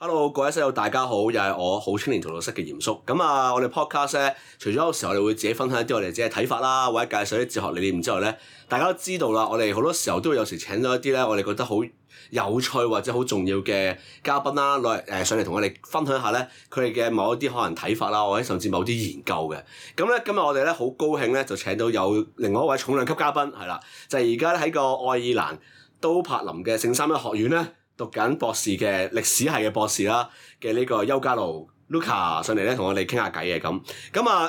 hello，各位室友大家好，又係我好青年荼毒室嘅鹽叔。咁啊，我哋 podcast 咧，除咗有時候我哋會自己分享一啲我哋自己嘅睇法啦，或者介紹啲哲學理念之外咧，大家都知道啦，我哋好多時候都會有時請到一啲咧，我哋覺得好有趣或者好重要嘅嘉賓啦，來誒上嚟同我哋分享下咧，佢哋嘅某一啲可能睇法啦，或者甚至某啲研究嘅。咁咧今日我哋咧好高興咧，就請到有另外一位重量級嘉賓係啦，就係而家咧喺個愛爾蘭都柏林嘅聖三一學院咧。讀緊博士嘅歷史系嘅博士啦，嘅呢個邱嘉露 Luca 上嚟咧，同我哋傾下偈嘅咁。咁啊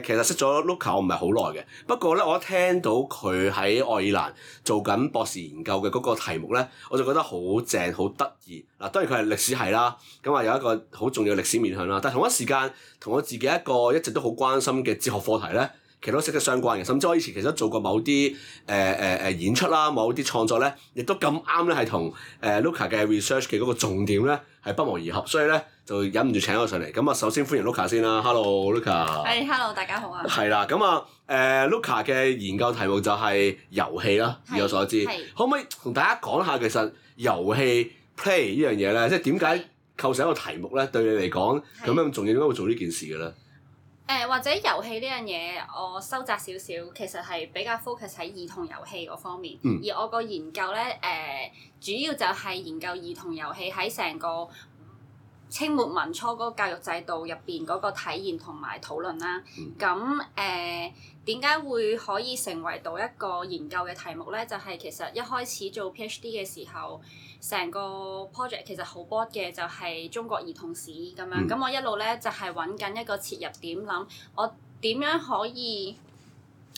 誒，其實識咗 Luca 我唔係好耐嘅，不過咧我一聽到佢喺愛爾蘭做緊博士研究嘅嗰個題目咧，我就覺得好正好得意。嗱，當然佢係歷史系啦，咁啊有一個好重要歷史面向啦，但係同一時間同我自己一個一直都好關心嘅哲學課題咧，其實都息息相關嘅，甚至我以前其實做過某啲誒誒誒演出啦，某啲創作咧，亦都咁啱咧，係同誒 Luca 嘅 research 嘅嗰個重點咧係不謀而合，所以咧就忍唔住請我上嚟。咁啊，首先歡迎 Luca 先啦，Hello Luca 誒，Hello，大家好啊。係啦，咁啊誒 Luca 嘅研究題目就係遊戲啦，以是我所知。係是。可唔可以同大家講下其實遊戲 play 呢樣嘢咧，即係點解構成一個題目咧？對你嚟講咁樣咁重要，點解會做呢件事嘅咧？誒、呃、或者遊戲呢樣嘢，我收窄少少，其實係比較 focus 喺兒童遊戲嗰方面。嗯、而我個研究呢，誒、呃、主要就係研究兒童遊戲喺成個清末民初嗰個教育制度入邊嗰個體驗同埋討論啦。嗯。咁誒點解會可以成為到一個研究嘅題目呢？就係、是、其實一開始做 PhD 嘅時候。成個 project 其實好 Broad 嘅，就係、是、中國兒童史咁樣。咁、嗯、我一路咧就係揾緊一個切入點，諗我點樣可以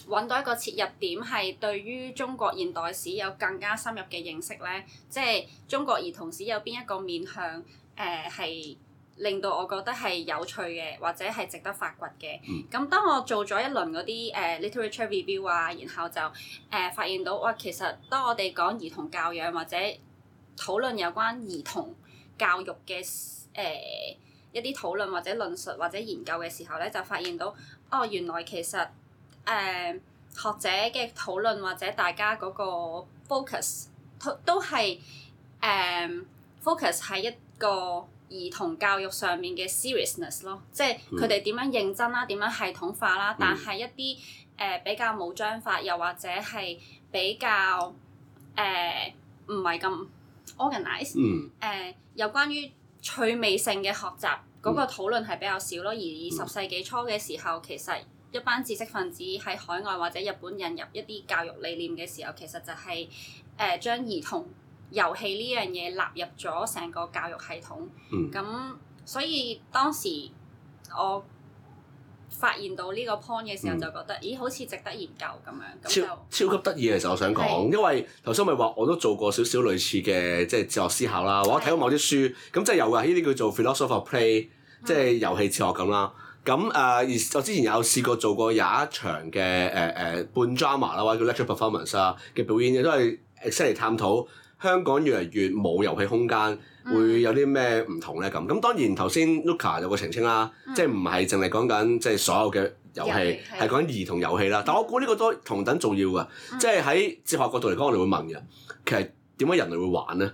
揾到一個切入點，係對於中國現代史有更加深入嘅認識咧。即、就、係、是、中國兒童史有邊一個面向？誒、呃、係令到我覺得係有趣嘅，或者係值得發掘嘅。咁、嗯、當我做咗一輪嗰啲誒、呃、literature review 啊，然後就誒、呃、發現到哇，其實當我哋講兒童教養或者討論有關兒童教育嘅誒、呃、一啲討論或者論述或者研究嘅時候咧，就發現到哦，原來其實誒、呃、學者嘅討論或者大家嗰個 focus，都都、呃嗯、focus 都都係 focus 喺一個兒童教育上面嘅 seriousness 咯，即係佢哋點樣認真啦，點樣系統化啦，但係一啲誒、呃、比較冇章法，又或者係比較誒唔係咁。呃 organize 誒有、嗯呃、關於趣味性嘅學習嗰、嗰個討論係比較少咯，而二十世紀初嘅時候，嗯、其實一班知識分子喺海外或者日本引入一啲教育理念嘅時候，其實就係誒將兒童遊戲呢樣嘢納入咗成個教育系統。咁、嗯、所以當時我。發現到呢個 point 嘅時候，就覺得，嗯、咦，好似值得研究咁樣，咁超超級得意嘅時候，嗯、我想講，是因為頭先咪話，我都做過少少類似嘅，即係哲學思考啦，或者睇過某啲書，咁即係有嘅，呢啲叫做 philosophical play，即係遊戲哲學咁啦。咁誒、嗯，啊、而我之前有試過做過有一場嘅誒誒半 drama 啦，或者叫 lecture performance 啊嘅表演嘅，都係 exactly 探討香港越嚟越冇遊戲空間。會有啲咩唔同咧？咁咁當然頭先 Luca 有個澄清啦，嗯、即係唔係淨係講緊即係所有嘅遊戲，係講兒童遊戲啦。但我估呢個都同等重要嘅，嗯、即係喺哲學角度嚟講，我哋會問嘅，其實點解人類會玩咧？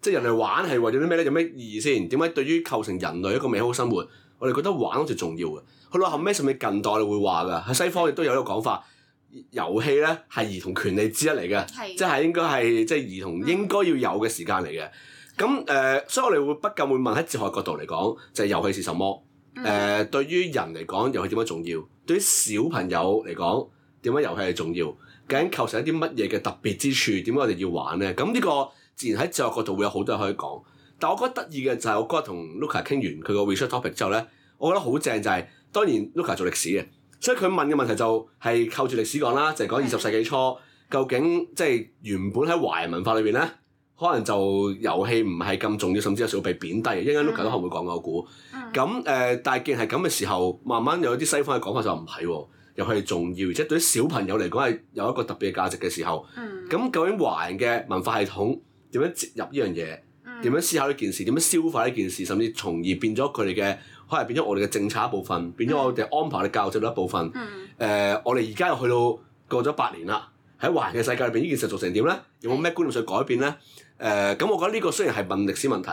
即係人類玩係為咗啲咩咧？有咩意義先？點解對於構成人類一個美好生活，我哋覺得玩好似重要嘅？去到後尾甚至近代，我哋會話嘅喺西方亦都有一個講法，的遊戲咧係兒童權利之一嚟嘅，即係的應該係即係兒童應該要有嘅時間嚟嘅。咁誒、呃，所以我哋會不禁會問喺哲學角度嚟講，就係、是、遊戲是什麼？誒、呃，嗯、對於人嚟講，遊戲點樣重要？對於小朋友嚟講，點解遊戲係重要？究竟構成一啲乜嘢嘅特別之處？點解我哋要玩咧？咁呢個自然喺哲學角度會有好多人可以講。但我覺得得意嘅就係我嗰日同 Luca 傾完佢個 research topic 之後咧，我覺得好正就係、是，當然 Luca 做歷史嘅，所以佢問嘅問題就係靠住歷史講啦，就係、是、講二十世紀初，嗯、究竟即係原本喺華人文化裏邊咧。可能就遊戲唔係咁重要，甚至有時會被貶低。一陣 Luca 都可能會講，我估。咁誒、mm. 呃，但係既然係咁嘅時候，慢慢又有啲西方嘅講法就唔係喎，又係重要，即係對啲小朋友嚟講係有一個特別嘅價值嘅時候。咁、mm. 究竟華人嘅文化系統點樣接入呢樣嘢？點、mm. 樣思考呢件事？點樣消化呢件事？甚至從而變咗佢哋嘅，可能變咗我哋嘅政策一部分，變咗我哋安排嘅教育制度一部分。誒、mm. 呃，我哋而家又去到過咗八年啦，喺華人嘅世界裏邊，呢件事做成點咧？有冇咩觀念上改變咧？Mm. Mm. 誒咁，我覺得呢個雖然係問歷史問題，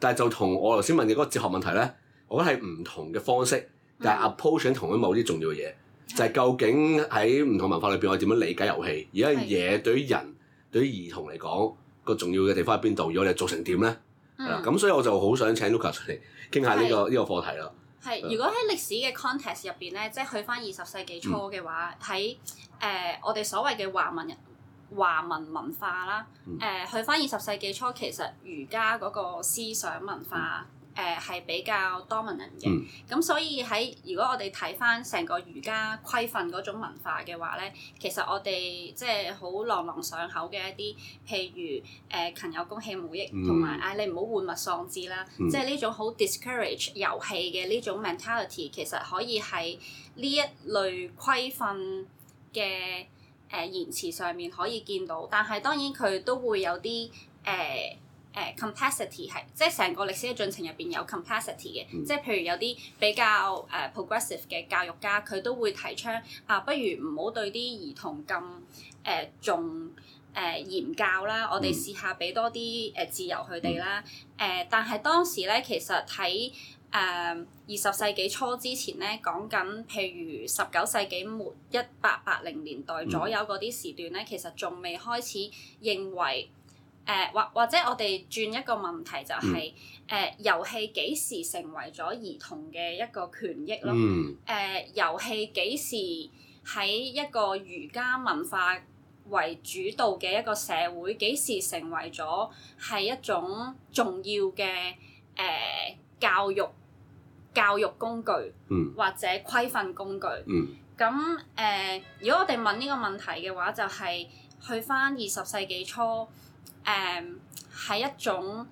但係就同我頭先問嘅嗰個哲學問題咧，我覺得係唔同嘅方式，但係 approach 同咗某啲重要嘅嘢，就係究竟喺唔同文化裏邊我哋點樣理解遊戲，而家嘢對於人對於兒童嚟講個重要嘅地方喺邊度，如果你做成點咧？係咁所以我就好想請 Luca 出嚟傾下呢個呢個課題咯。係，如果喺歷史嘅 context 入邊咧，即係去翻二十世紀初嘅話，喺誒我哋所謂嘅華文人。華文文化啦，誒、呃、去翻二十世紀初，其實儒家嗰個思想文化誒係、呃、比較 dominant 嘅，咁、嗯嗯、所以喺如果我哋睇翻成個儒家規訓嗰種文化嘅話咧，其實我哋即係好朗朗上口嘅一啲，譬如誒勤、呃、有功，戲無益，同埋啊你唔好玩物喪志啦，嗯、即係呢種好 discourage 遊戲嘅呢種 mentality，其實可以喺呢一類規訓嘅。誒、呃、言辭上面可以見到，但係當然佢都會有啲誒誒 capacity 係，即係成個歷史嘅進程入邊有 capacity 嘅，嗯、即係譬如有啲比較誒 progressive 嘅教育家，佢都會提倡啊，不如唔好對啲兒童咁誒重誒嚴教啦，嗯、我哋試下俾多啲誒自由佢哋啦。誒、嗯呃，但係當時咧，其實喺。誒二十世紀初之前咧，講緊譬如十九世紀末一八八零年代左右嗰啲時段咧，嗯、其實仲未開始認為誒，或、呃、或者我哋轉一個問題、就係，就係誒遊戲幾時成為咗兒童嘅一個權益咯？誒遊戲幾時喺一個儒家文化為主導嘅一個社會，幾時成為咗係一種重要嘅誒、呃、教育？教育工具、嗯、或者規範工具，咁誒、嗯呃，如果我哋問呢個問題嘅話，就係、是、去返二十世紀初，誒、呃，喺一種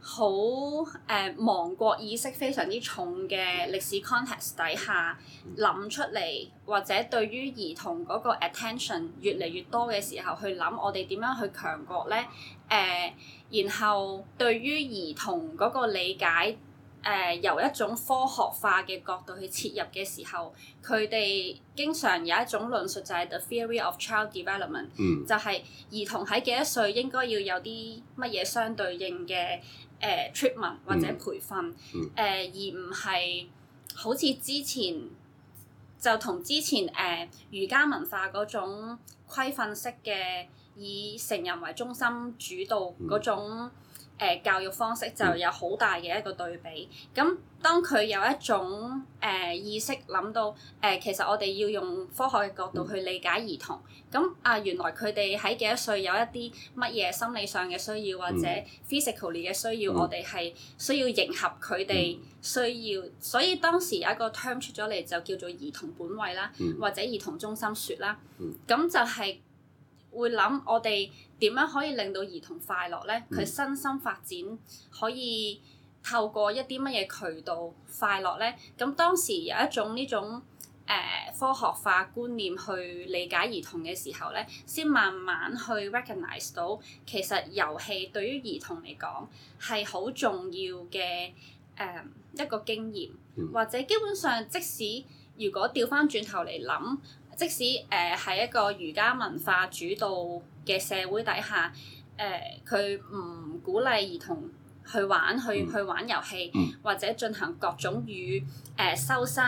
好誒、呃、亡國意識非常之重嘅歷史 context 底下，諗出嚟或者對於兒童嗰個 attention 越嚟越多嘅時候，去諗我哋點樣去強國咧？誒、呃，然後對於兒童嗰個理解。誒、呃、由一種科學化嘅角度去切入嘅時候，佢哋經常有一種論述就係 the theory of child development，嗯、就係兒童喺幾多歲應該要有啲乜嘢相對應嘅、呃、Treatment 或者培訓，誒、嗯呃、而唔係好似之前就同之前誒、呃、儒家文化嗰種規訓式嘅以成人為中心主導嗰種、嗯。誒教育方式就有好大嘅一個對比，咁當佢有一種誒、呃、意識諗到，誒、呃、其實我哋要用科學嘅角度去理解兒童，咁啊原來佢哋喺幾多歲有一啲乜嘢心理上嘅需要或者 physically 嘅需要，需要嗯、我哋係需要迎合佢哋需要，所以當時有一個 term 出咗嚟就叫做兒童本位啦，嗯、或者兒童中心説啦，咁就係、是。會諗我哋點樣可以令到兒童快樂咧？佢身心發展可以透過一啲乜嘢渠道快樂咧？咁當時有一種呢種誒、呃、科學化觀念去理解兒童嘅時候咧，先慢慢去 recognize 到其實遊戲對於兒童嚟講係好重要嘅誒、呃、一個經驗，或者基本上即使如果調翻轉頭嚟諗。即使誒喺、呃、一個儒家文化主導嘅社會底下，誒佢唔鼓勵兒童去玩去去玩遊戲，或者進行各種與誒修身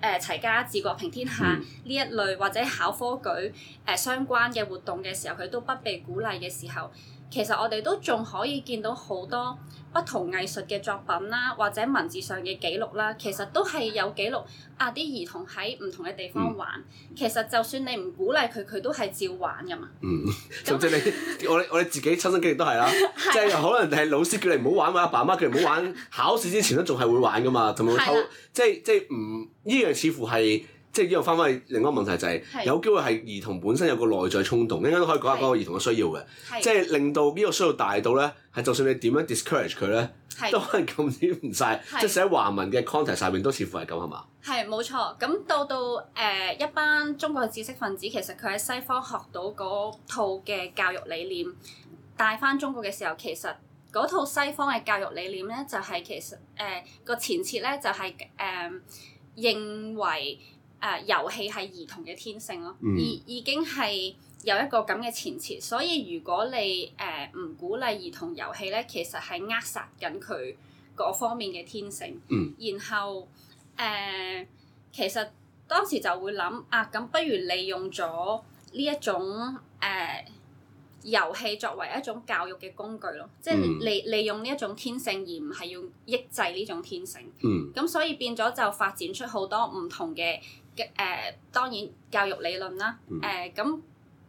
誒齊、呃、家治國平天下呢、嗯、一類或者考科舉誒、呃、相關嘅活動嘅時候，佢都不被鼓勵嘅時候，其實我哋都仲可以見到好多。不同藝術嘅作品啦，或者文字上嘅記錄啦，其實都係有記錄啊！啲兒童喺唔同嘅地方玩，嗯、其實就算你唔鼓勵佢，佢都係照玩噶嘛。嗯，總之這樣 你 我我哋自己親身經歷都係啦， 即係可能係老師叫你唔好玩嘛，阿爸媽叫你唔好玩，玩 考試之前都仲係會玩噶嘛，同埋偷，即係即係唔呢樣似乎係。即係呢個翻返去另一個問題就係，是、是有機會係兒童本身有個內在衝動，應該都可以講下嗰個兒童嘅需要嘅，即係是令到呢個需要大到咧，係就算你樣是點樣 discourage 佢咧，都可能禁止唔晒。即係寫華文嘅 context 上面都似乎係咁，係嘛？係冇錯。咁到到誒、呃、一班中國嘅知識分子，其實佢喺西方學到嗰套嘅教育理念，帶翻中國嘅時候，其實嗰套西方嘅教育理念咧，就係，是、其實誒個、呃、前設咧、就是，就係誒認為。誒、啊、遊戲係兒童嘅天性咯，已、嗯、已經係有一個咁嘅前設，所以如果你誒唔、呃、鼓勵兒童遊戲咧，其實係扼殺緊佢各方面嘅天性。嗯、然後誒、呃，其實當時就會諗啊，咁不如利用咗呢一種誒、呃、遊戲作為一種教育嘅工具咯，即係利利用呢一種天性，而唔係要抑制呢種天性。嗯。咁、嗯、所以變咗就發展出好多唔同嘅，嘅誒、呃，當然教育理論啦。誒、呃、咁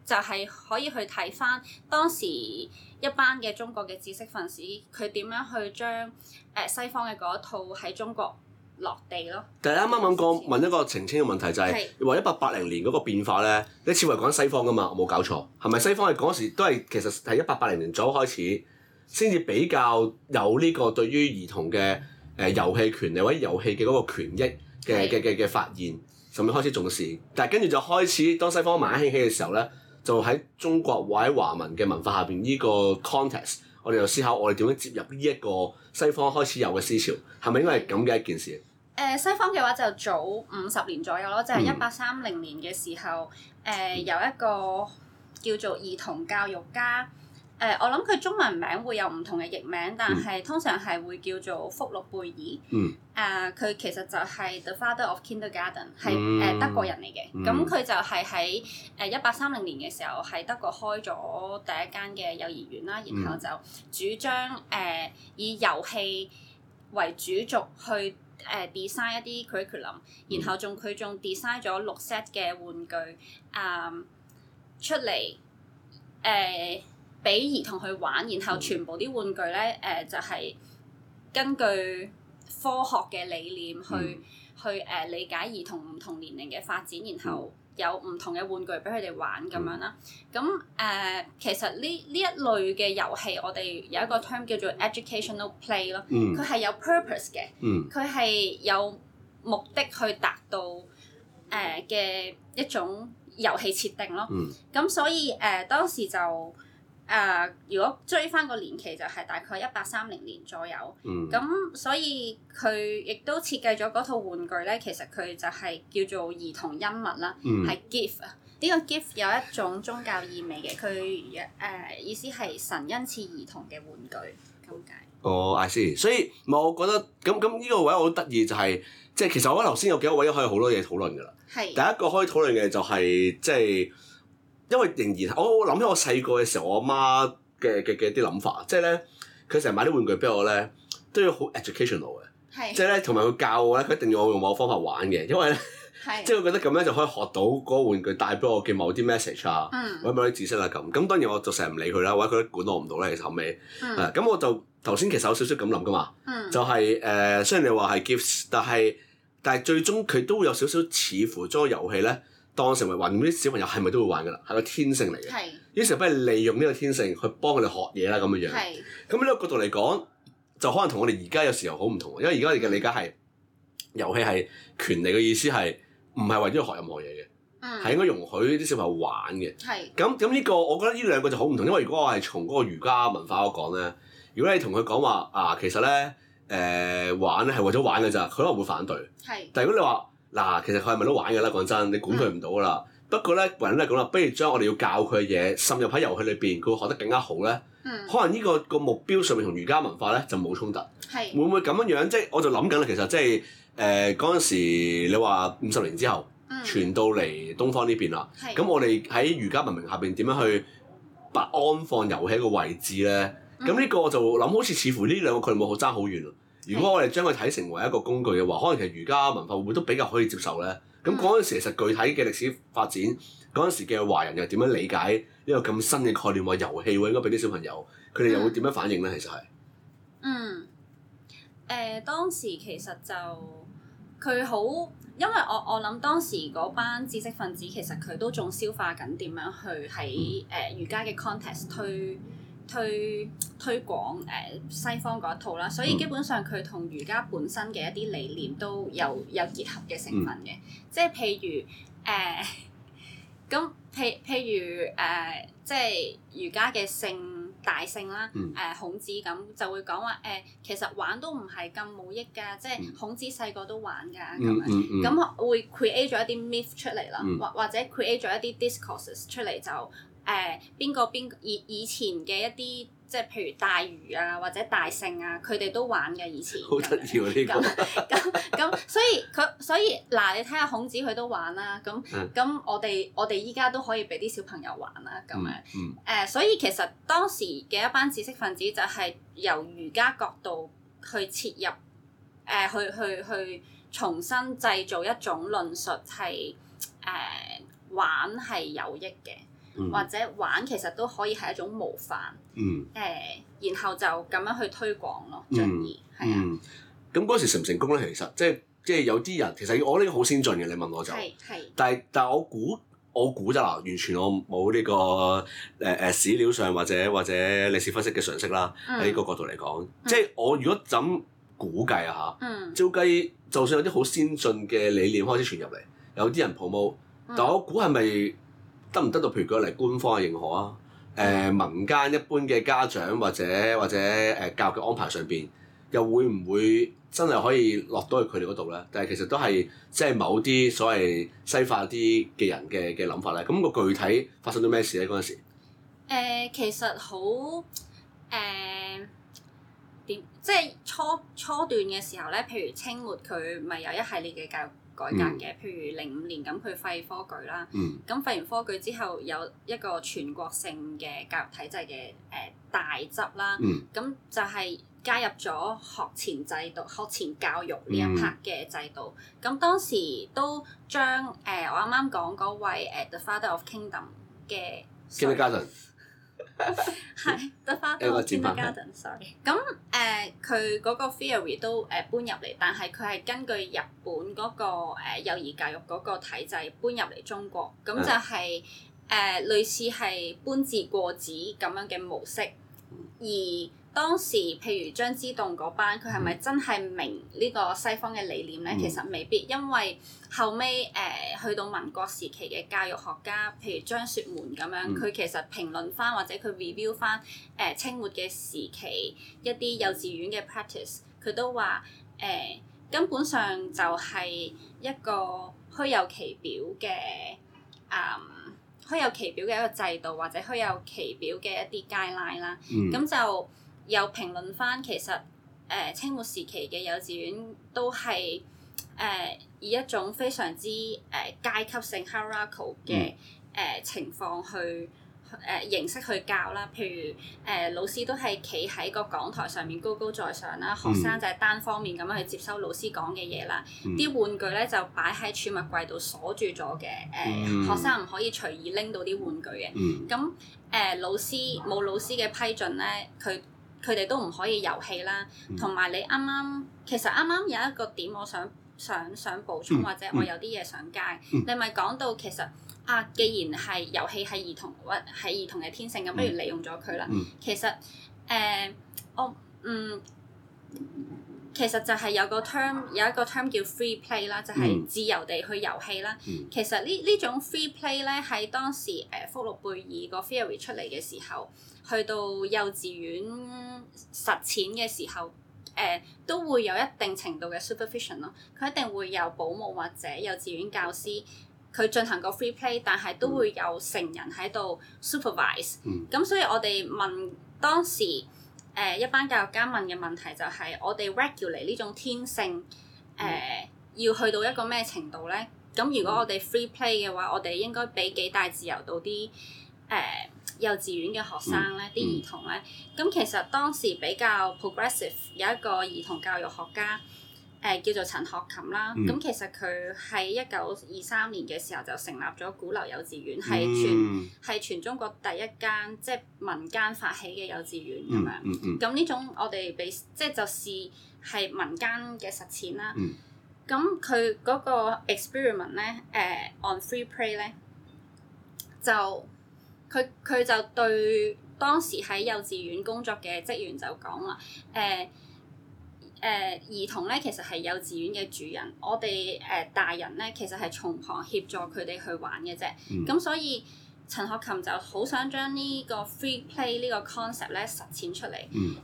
就係可以去睇翻當時一班嘅中國嘅知識分子，佢點樣去將誒、呃、西方嘅嗰一套喺中國落地咯。但係啱啱問過是問一個澄清嘅問題、就是，就係話一八八零年嗰個變化咧，你似為講西方㗎嘛？我冇搞錯係咪西方？係嗰時都係其實係一八八零年早開始先至比較有呢個對於兒童嘅誒遊戲權利或者遊戲嘅嗰個權益嘅嘅嘅嘅發現，就未開始重視，但係跟住就開始，當西方慢慢興起嘅時候咧，就喺中國或者華文嘅文化下邊呢個 context，我哋就思考我哋點樣接入呢一個西方開始有嘅思潮，係咪應該係咁嘅一件事？誒、嗯，西方嘅話就早五十年左右咯，即係一八三零年嘅時候，誒、呃、有一個叫做兒童教育家。誒、呃，我諗佢中文名會有唔同嘅譯名，但係通常係會叫做福祿貝爾。嗯。佢、呃、其實就係 The Father of Kindergarten，係誒、嗯、德國人嚟嘅。咁佢、嗯、就係喺誒一八三零年嘅時候，喺德國開咗第一間嘅幼兒園啦。然後就主張誒、呃、以遊戲為主軸去誒、呃、design 一啲 curriculum，然後仲佢仲 design 咗六 set 嘅玩具，嗯、呃，出嚟誒。呃俾兒童去玩，然後全部啲玩具咧，誒、呃、就係、是、根據科學嘅理念去、嗯、去誒、呃、理解兒童唔同年齡嘅發展，然後有唔同嘅玩具俾佢哋玩咁樣啦。咁誒、嗯呃，其實呢呢一類嘅遊戲，我哋有一個 term 叫做 educational play 咯，佢係、嗯、有 purpose 嘅，佢係、嗯、有目的去達到誒嘅、呃、一種遊戲設定咯。咁、嗯、所以誒、呃，當時就，誒，uh, 如果追翻個年期就係大概一八三零年左右，咁、嗯、所以佢亦都設計咗嗰套玩具咧，其實佢就係叫做兒童恩物啦，係 gift 啊。呢個 gift 有一種宗教意味嘅，佢誒意思係神恩賜兒童嘅玩具咁解。哦、oh，I see, 所以唔係我覺得咁，咁呢個位我好得意就係、是，即係其實我覺得頭先有幾多位都可以好多嘢討論噶啦。係的。第一個可以討論嘅就係、是、即係。因為仍然，我諗起我細個嘅時候，我阿媽嘅嘅嘅啲諗法，即係咧，佢成日買啲玩具俾我咧，都要好 educational 嘅，即係咧，同埋佢教我咧，佢一定要我用某個方法玩嘅，因為咧，即係我覺得咁樣就可以學到嗰個玩具帶俾我嘅某啲 message 啊，嗯、或者某啲知識啊咁。咁當然我就成日唔理佢啦，或者佢都管我唔到啦，其實後尾，咁、嗯嗯嗯、我就頭先其實有少少咁諗噶嘛，就係、是、誒、呃，雖然你話係 gifts，但係但係最終佢都會有少少似乎將個遊戲咧。當成為玩啲小朋友係咪都會玩噶啦，係個天性嚟嘅。是於是不如利用呢個天性去幫佢哋學嘢啦咁嘅樣。咁呢是個角度嚟講，就可能同我哋而家有時候好唔同。因為而家你嘅理解係遊戲係權利嘅意思，係唔係為咗學任何嘢嘅，係、嗯、應該容許啲小朋友玩嘅。咁咁呢個我覺得呢兩個就好唔同。因為如果我係從嗰個儒家文化我講咧，如果你同佢講話啊，其實咧誒、呃、玩咧係為咗玩嘅咋，佢可能會反對。是但如果你話，嗱，其實佢係咪都玩㗎啦？講真，你管佢唔到㗎啦。嗯、不過咧，人咧講啦，不如將我哋要教佢嘅嘢滲入喺遊戲裏邊，佢會學得更加好咧。嗯、可能呢、呢個個目標上面同儒家文化咧就冇衝突。係是。會唔會咁樣樣？即係我就諗緊啦。其實即係誒嗰陣時，你話五十年之後、嗯、傳到嚟東方呢邊啦。係、嗯。咁、嗯、我哋喺儒家文明下邊點樣去不安放遊戲一個位置咧？咁呢、嗯嗯、個我就諗好似似乎呢兩個佢冇好爭好遠。如果我哋將佢睇成為一個工具嘅話，可能其實儒家文化會，會都比較可以接受咧。咁嗰陣時其實具體嘅歷史發展，嗰陣、嗯、時嘅華人又點樣理解呢個咁新嘅概念？話遊戲會應該俾啲小朋友，佢哋又會點樣反應咧？其實係，嗯，誒、呃、當時其實就佢好，因為我我諗當時嗰班知識分子其實佢都仲消化緊點樣去喺誒儒家嘅 context 推。推推廣誒、呃、西方嗰一套啦，所以基本上佢同儒家本身嘅一啲理念都有有結合嘅成分嘅、嗯呃呃，即係譬如誒，咁譬譬如誒，即係儒家嘅聖、大聖啦，誒、呃、孔子咁就會講話誒，其實玩都唔係咁冇益噶，嗯、即係孔子細個都玩噶咁，咁、嗯嗯嗯、會 create 咗一啲 myth 出嚟啦，或、嗯、或者 create 咗一啲 discourses 出嚟就。誒邊個邊以以前嘅一啲，即係譬如大儒啊，或者大聖啊，佢哋都玩嘅以前。好得意喎！呢咁咁咁，所以佢所以嗱、呃，你睇下孔子佢都玩啦。咁咁，我哋我哋依家都可以俾啲小朋友玩啦。咁、嗯、樣誒、呃，所以其實當時嘅一班知識分子就係由儒家角度去切入，誒、呃、去去去重新製造一種論述，係、呃、誒玩係有益嘅。或者玩其實都可以係一種模範，誒，然後就咁樣去推廣咯，鍾意係啊。咁嗰時成唔成功咧？其實即係即係有啲人其實我呢個好先進嘅，你問我就係係。但係但係我估我估就啦，完全我冇呢個誒誒史料上或者或者歷史分析嘅常識啦。喺呢個角度嚟講，即係我如果噉估計啊嚇？照計就算有啲好先進嘅理念開始傳入嚟，有啲人 promote 但我估係咪？得唔得到？譬如講嚟官方嘅認可啊，誒、呃、民間一般嘅家長或者或者誒、呃、教育嘅安排上邊，又會唔會真係可以落到去佢哋嗰度咧？但係其實都係即係某啲所謂西化啲嘅人嘅嘅諗法咧。咁、嗯那個具體發生咗咩事咧？嗰陣時、呃、其實好誒點，即係初初段嘅時候咧，譬如清末佢咪有一系列嘅教育。改革嘅，譬、嗯、如零五年咁，佢廢科舉啦。咁廢完科舉之後有一個全國性嘅教育體制嘅誒大執啦。咁、嗯、就係加入咗學前制度、學前教育呢一 part 嘅制度。咁、嗯、當時都將誒、呃、我啱啱講嗰位誒 The Father of Kingdom 嘅。k i n d 係，得花多千得 Garden，sorry 咁誒，佢嗰、呃、個 theory 都誒搬入嚟，但係佢係根據日本嗰個幼兒教育嗰個體制搬入嚟中國，咁就係、是、誒、啊呃、類似係搬字過紙咁樣嘅模式，而。當時，譬如張之洞嗰班，佢係咪真係明呢個西方嘅理念咧？其實未必，因為後尾誒、呃、去到民國時期嘅教育學家，譬如張雪門咁樣，佢、嗯、其實評論翻或者佢 review 翻誒、呃、清末嘅時期一啲幼稚園嘅 practice，佢都話誒、呃、根本上就係一個虛有其表嘅，誒、嗯、虛有其表嘅一個制度或者虛有其表嘅一啲 guideline 啦，咁就。又評論翻其實，誒、呃、清末時期嘅幼稚園都係誒、呃、以一種非常之誒、呃、階級性 hierarchical 嘅誒情況去誒、呃、形式去教啦，譬如誒、呃、老師都係企喺個講台上面高高在上啦，嗯、學生就係單方面咁樣去接收老師講嘅嘢啦。啲、嗯、玩具咧就擺喺儲物櫃度鎖住咗嘅，誒、呃嗯、學生唔可以隨意拎到啲玩具嘅。咁誒、嗯嗯呃、老師冇老師嘅批准咧，佢佢哋都唔可以遊戲啦，同埋、嗯、你啱啱其實啱啱有一個點，我想想想補充或者我有啲嘢想加。嗯、你咪講到其實啊，既然係遊戲係兒童或係兒童嘅天性咁，不如利用咗佢啦。嗯、其實誒、呃，我嗯，其實就係有個 term 有一個 term 叫 free play 啦，就係、是、自由地去遊戲啦。嗯、其實呢呢種 free play 咧，喺當時誒、呃、福祿貝爾個 theory 出嚟嘅時候。去到幼稚園實踐嘅時候，誒、呃、都會有一定程度嘅 supervision 咯。佢一定會有保姆或者幼稚園教師，佢進行個 free play，但係都會有成人喺度 supervise。咁、嗯、所以我哋問當時誒、呃、一班教育家問嘅問題就係、是：我哋 regulate 呢種天性誒、呃、要去到一個咩程度咧？咁如果我哋 free play 嘅話，我哋應該俾幾大自由度啲誒？呃幼稚園嘅學生咧，啲兒童咧，咁、嗯、其實當時比較 progressive 有一個兒童教育學家，誒、呃、叫做陳學琴啦。咁、嗯、其實佢喺一九二三年嘅時候就成立咗鼓樓幼稚園，係、嗯、全係全中國第一間即係民間發起嘅幼稚園咁樣。咁呢、嗯嗯嗯、種我哋俾即係就試係民間嘅實踐啦。咁佢嗰個 experiment 咧，誒、呃、on free play 咧就。佢佢就對當時喺幼稚園工作嘅職員就講啦，誒、呃、誒、呃、兒童咧，其實係幼稚園嘅主人，我哋誒、呃、大人咧，其實係從旁協助佢哋去玩嘅啫。咁、嗯、所以陳學琴就好想將呢個 free play 呢個 concept 咧實踐出嚟。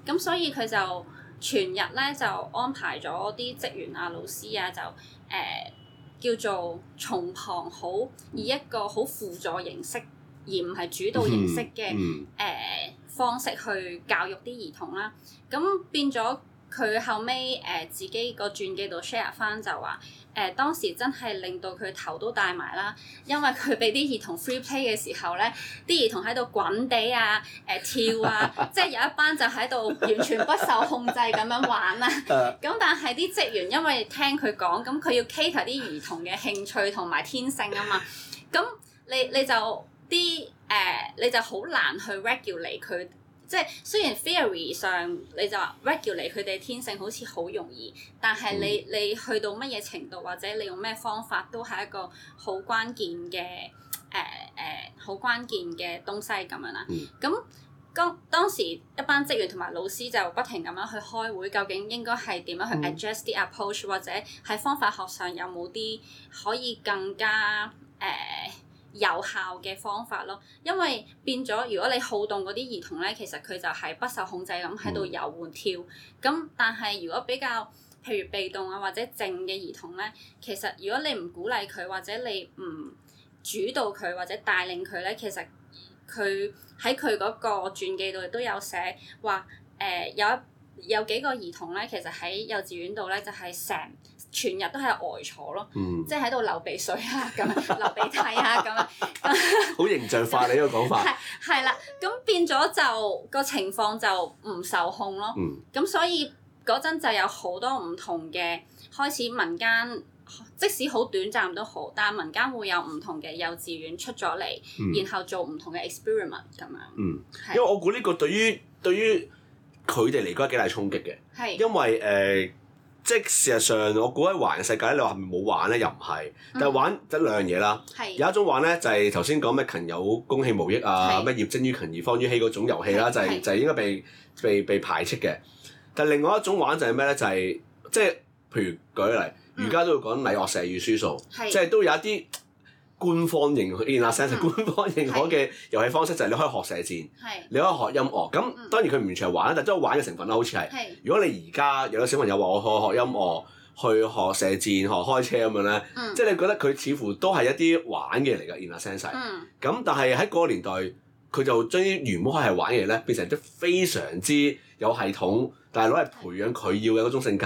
咁、嗯、所以佢就全日咧就安排咗啲職員啊、老師啊，就誒、呃、叫做從旁好以一個好輔助形式，而唔係主導形式嘅誒、嗯嗯呃、方式去教育啲兒童啦，咁變咗佢後尾誒、呃、自己個傳記度 share 翻就話誒、呃、當時真係令到佢頭都大埋啦，因為佢俾啲兒童 free play 嘅時候咧，啲兒童喺度滾地啊、誒、呃、跳啊， 即係有一班就喺度完全不受控制咁樣玩啦、啊。咁 但係啲職員因為聽佢講，咁佢要 cater 啲兒童嘅興趣同埋天性啊嘛，咁你你，你就～啲誒、呃，你就好難去 regulate 佢，即係雖然 theory 上你就話 regulate 佢哋天性好似好容易，但係你你去到乜嘢程度或者你用咩方法都係一個好關鍵嘅誒誒，好、呃呃、關鍵嘅東西咁樣啦。咁當、嗯、當時一班職員同埋老師就不停咁樣去開會，究竟應該係點樣去 address 啲 approach、嗯、或者喺方法學上有冇啲可以更加誒、呃有效嘅方法咯，因為變咗如果你好動嗰啲兒童咧，其實佢就係不受控制咁喺度遊玩跳，咁、嗯、但係如果比較譬如被動啊或者靜嘅兒童咧，其實如果你唔鼓勵佢或者你唔主導佢或者帶領佢咧，其實佢喺佢嗰個傳記度都有寫話，誒、呃、有一有幾個兒童咧，其實喺幼稚園度咧就係成。全日都喺度呆坐咯，即係喺度流鼻水啊，咁流鼻涕啊，咁樣。好形象化你呢個講法。係係啦，咁變咗就個情況就唔受控咯。咁所以嗰陣就有好多唔同嘅開始，民間即使好短暫都好，但係民間會有唔同嘅幼稚園出咗嚟，然後做唔同嘅 experiment 咁樣。嗯，因為我估呢個對於對於佢哋嚟講幾大衝擊嘅，因為誒。即係事實上，我估喺華人世界，你話係咪冇玩咧，又唔係。但係玩得兩樣嘢啦。係是。有一種玩咧，就係頭先講咩勤有功，戲無益啊，咩業是精於勤而荒於嬉嗰種遊戲啦，是就係、是、就是、應該被被被排斥嘅。但係另外一種玩就係咩咧？就係、是、即係譬如舉例，而家都會講禮樂射御書數，即係是都有一啲。官方認，in a sense、嗯、官方認可嘅遊戲方式就係你可以學射箭，嗯、你可以學音樂。咁、嗯、當然佢唔完全係玩，但係都係玩嘅成分啦，好似係。是如果你而家有個小朋友話我去學音樂、嗯、去學射箭、學開車咁樣咧，呢嗯、即係你覺得佢似乎都係一啲玩嘅嚟㗎，in a sense、嗯。咁但係喺嗰個年代，佢就將啲原本係玩嘅嘢咧，變成啲非常之有系統，但係攞嚟培養佢要嘅嗰種性格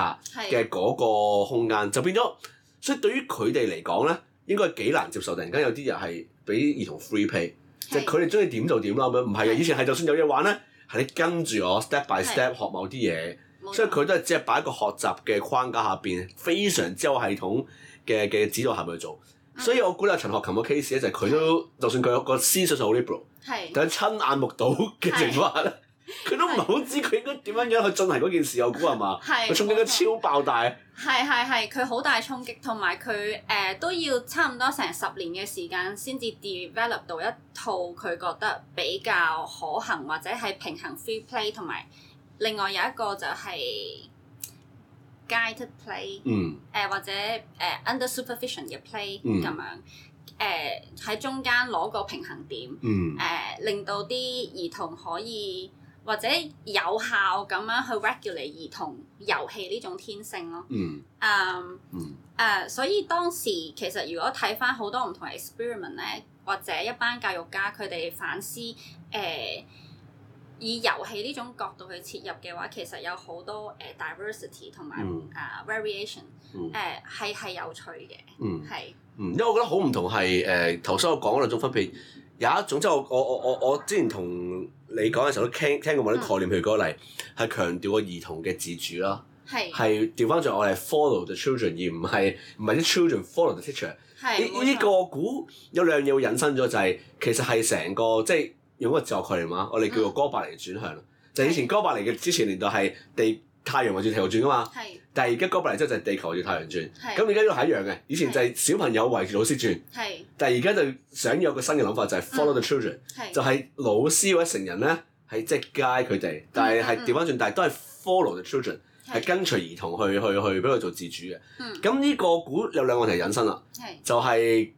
嘅嗰個空間，就變咗。所以對於佢哋嚟講咧。應該幾難接受，突然間有啲人係俾兒童 free play 即係佢哋中意點就點啦咁樣。唔係嘅，是以前係就算有嘢玩咧，係你跟住我 step by step 是學某啲嘢，錯所以佢都係只係擺喺個學習嘅框架下邊，非常之有系統嘅嘅指導下邊去做。嗯、所以我估啦，陳學琴嘅 case 咧就係佢都、嗯、就算佢有個思想上 liberal，但係親眼目睹嘅情況咧。是 佢都唔係好知佢應該點樣樣去進行嗰件事， 我估係嘛？係。佢衝擊得超爆大 。係係係，佢好大衝擊，同埋佢誒都要差唔多成十年嘅時間先至 develop 到一套佢覺得比較可行，或者係平衡 free play 同埋另外有一個就係 guided play。嗯、呃。或者誒、呃、under supervision 嘅 play 咁、嗯、樣誒喺、呃、中間攞個平衡點。嗯、呃。誒令到啲兒童可以。或者有效咁樣去 regulate 兒童遊戲呢種天性咯。嗯。誒。嗯。所以當時其實如果睇翻好多唔同 experiment 咧，或者一班教育家佢哋反思誒、呃、以遊戲呢種角度去切入嘅話，其實有好多誒 diversity 同埋啊 variation 誒係係、嗯呃、有趣嘅。嗯。係是。嗯。因為我覺得好唔同係誒頭先我講嗰兩種分別。有一種即係、就是、我我我我我之前同你講嘅時候都聽聽過某啲概念，嗯、譬如舉個例，係強調個兒童嘅自主啦，係調翻轉我哋 follow the children 而唔係唔係啲 children follow the teacher 是。係呢呢個估有兩樣嘢會引申咗、就是，就係其實係成個即係用一個舊概念啦，我哋叫做哥白尼嘅轉向，嗯、就以前哥白尼嘅之前年代係地。太陽圍住地球轉噶嘛？係是。但係而家哥白尼之後就係地球圍住太陽轉。係是。咁而家都係一樣嘅。以前就係小朋友圍住老師轉。係是。但係而家就想要個新嘅諗法就係、是、follow the children、嗯。係。就係老師或者成人咧係即係 guide 佢哋，但係係調翻轉，嗯嗯但係都係 follow the children，係、嗯、跟隨兒童去去去俾佢做自主嘅。嗯。咁呢個估有兩個問題引申啦。係、嗯。就係、是。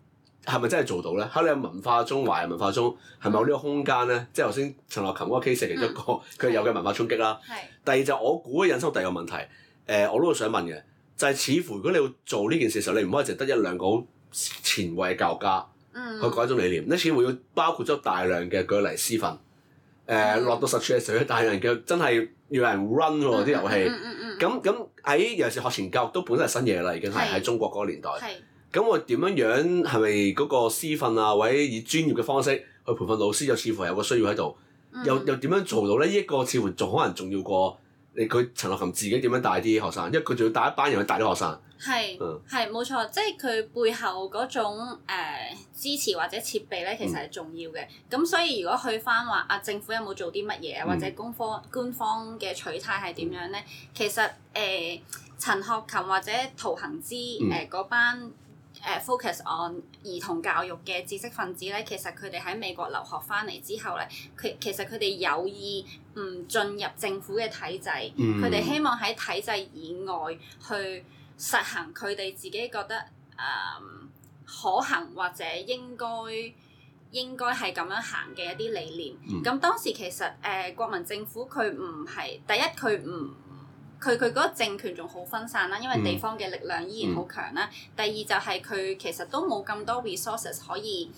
係咪真係做到咧？喺你文化、文化中、華人文化中，係咪有呢個空間咧？即係頭先陳樂琴嗰 case 嚟一個佢、嗯、有嘅文化衝擊啦。第二就我估引出第二個問題，誒、呃、我都想問嘅，就係、是、似乎如果你要做呢件事嘅時候，你唔可以淨係得一兩個好前衛嘅教育家去改種理念，呢、嗯、似乎要包括咗大量嘅舉例施訓，誒、呃嗯、落到實處嘅時候，大量嘅真係要人 run 喎啲遊戲。咁咁喺尤其、尤其是學前教育都本身係新嘢啦，已經係喺中國嗰個年代。咁我點樣樣係咪嗰個師訓啊？或者以專業嘅方式去培訓老師，又似乎有個需要喺度、嗯。又又點樣做到咧？依、這、一個似乎仲可能重要過你佢陳鶴琴自己點樣帶啲學生，因為佢仲要帶一班人去帶啲學生。係是，係冇、嗯、錯，即係佢背後嗰種、呃、支持或者設備咧，其實係重要嘅。咁、嗯、所以如果去翻話啊，政府有冇做啲乜嘢，或者科、嗯、官方官方嘅取態係點樣咧？嗯、其實誒、呃，陳鶴琴或者陶行知誒嗰班。誒 focus on 兒童教育嘅知識分子咧，其實佢哋喺美國留學翻嚟之後咧，佢其實佢哋有意唔進入政府嘅體制，佢哋、嗯、希望喺體制以外去實行佢哋自己覺得誒、呃、可行或者應該應該係咁樣行嘅一啲理念。咁、嗯、當時其實誒、呃、國民政府佢唔係第一，佢唔。佢佢嗰個政權仲好分散啦，因為地方嘅力量依然好強啦。嗯、第二就係佢其實都冇咁多 resources 可以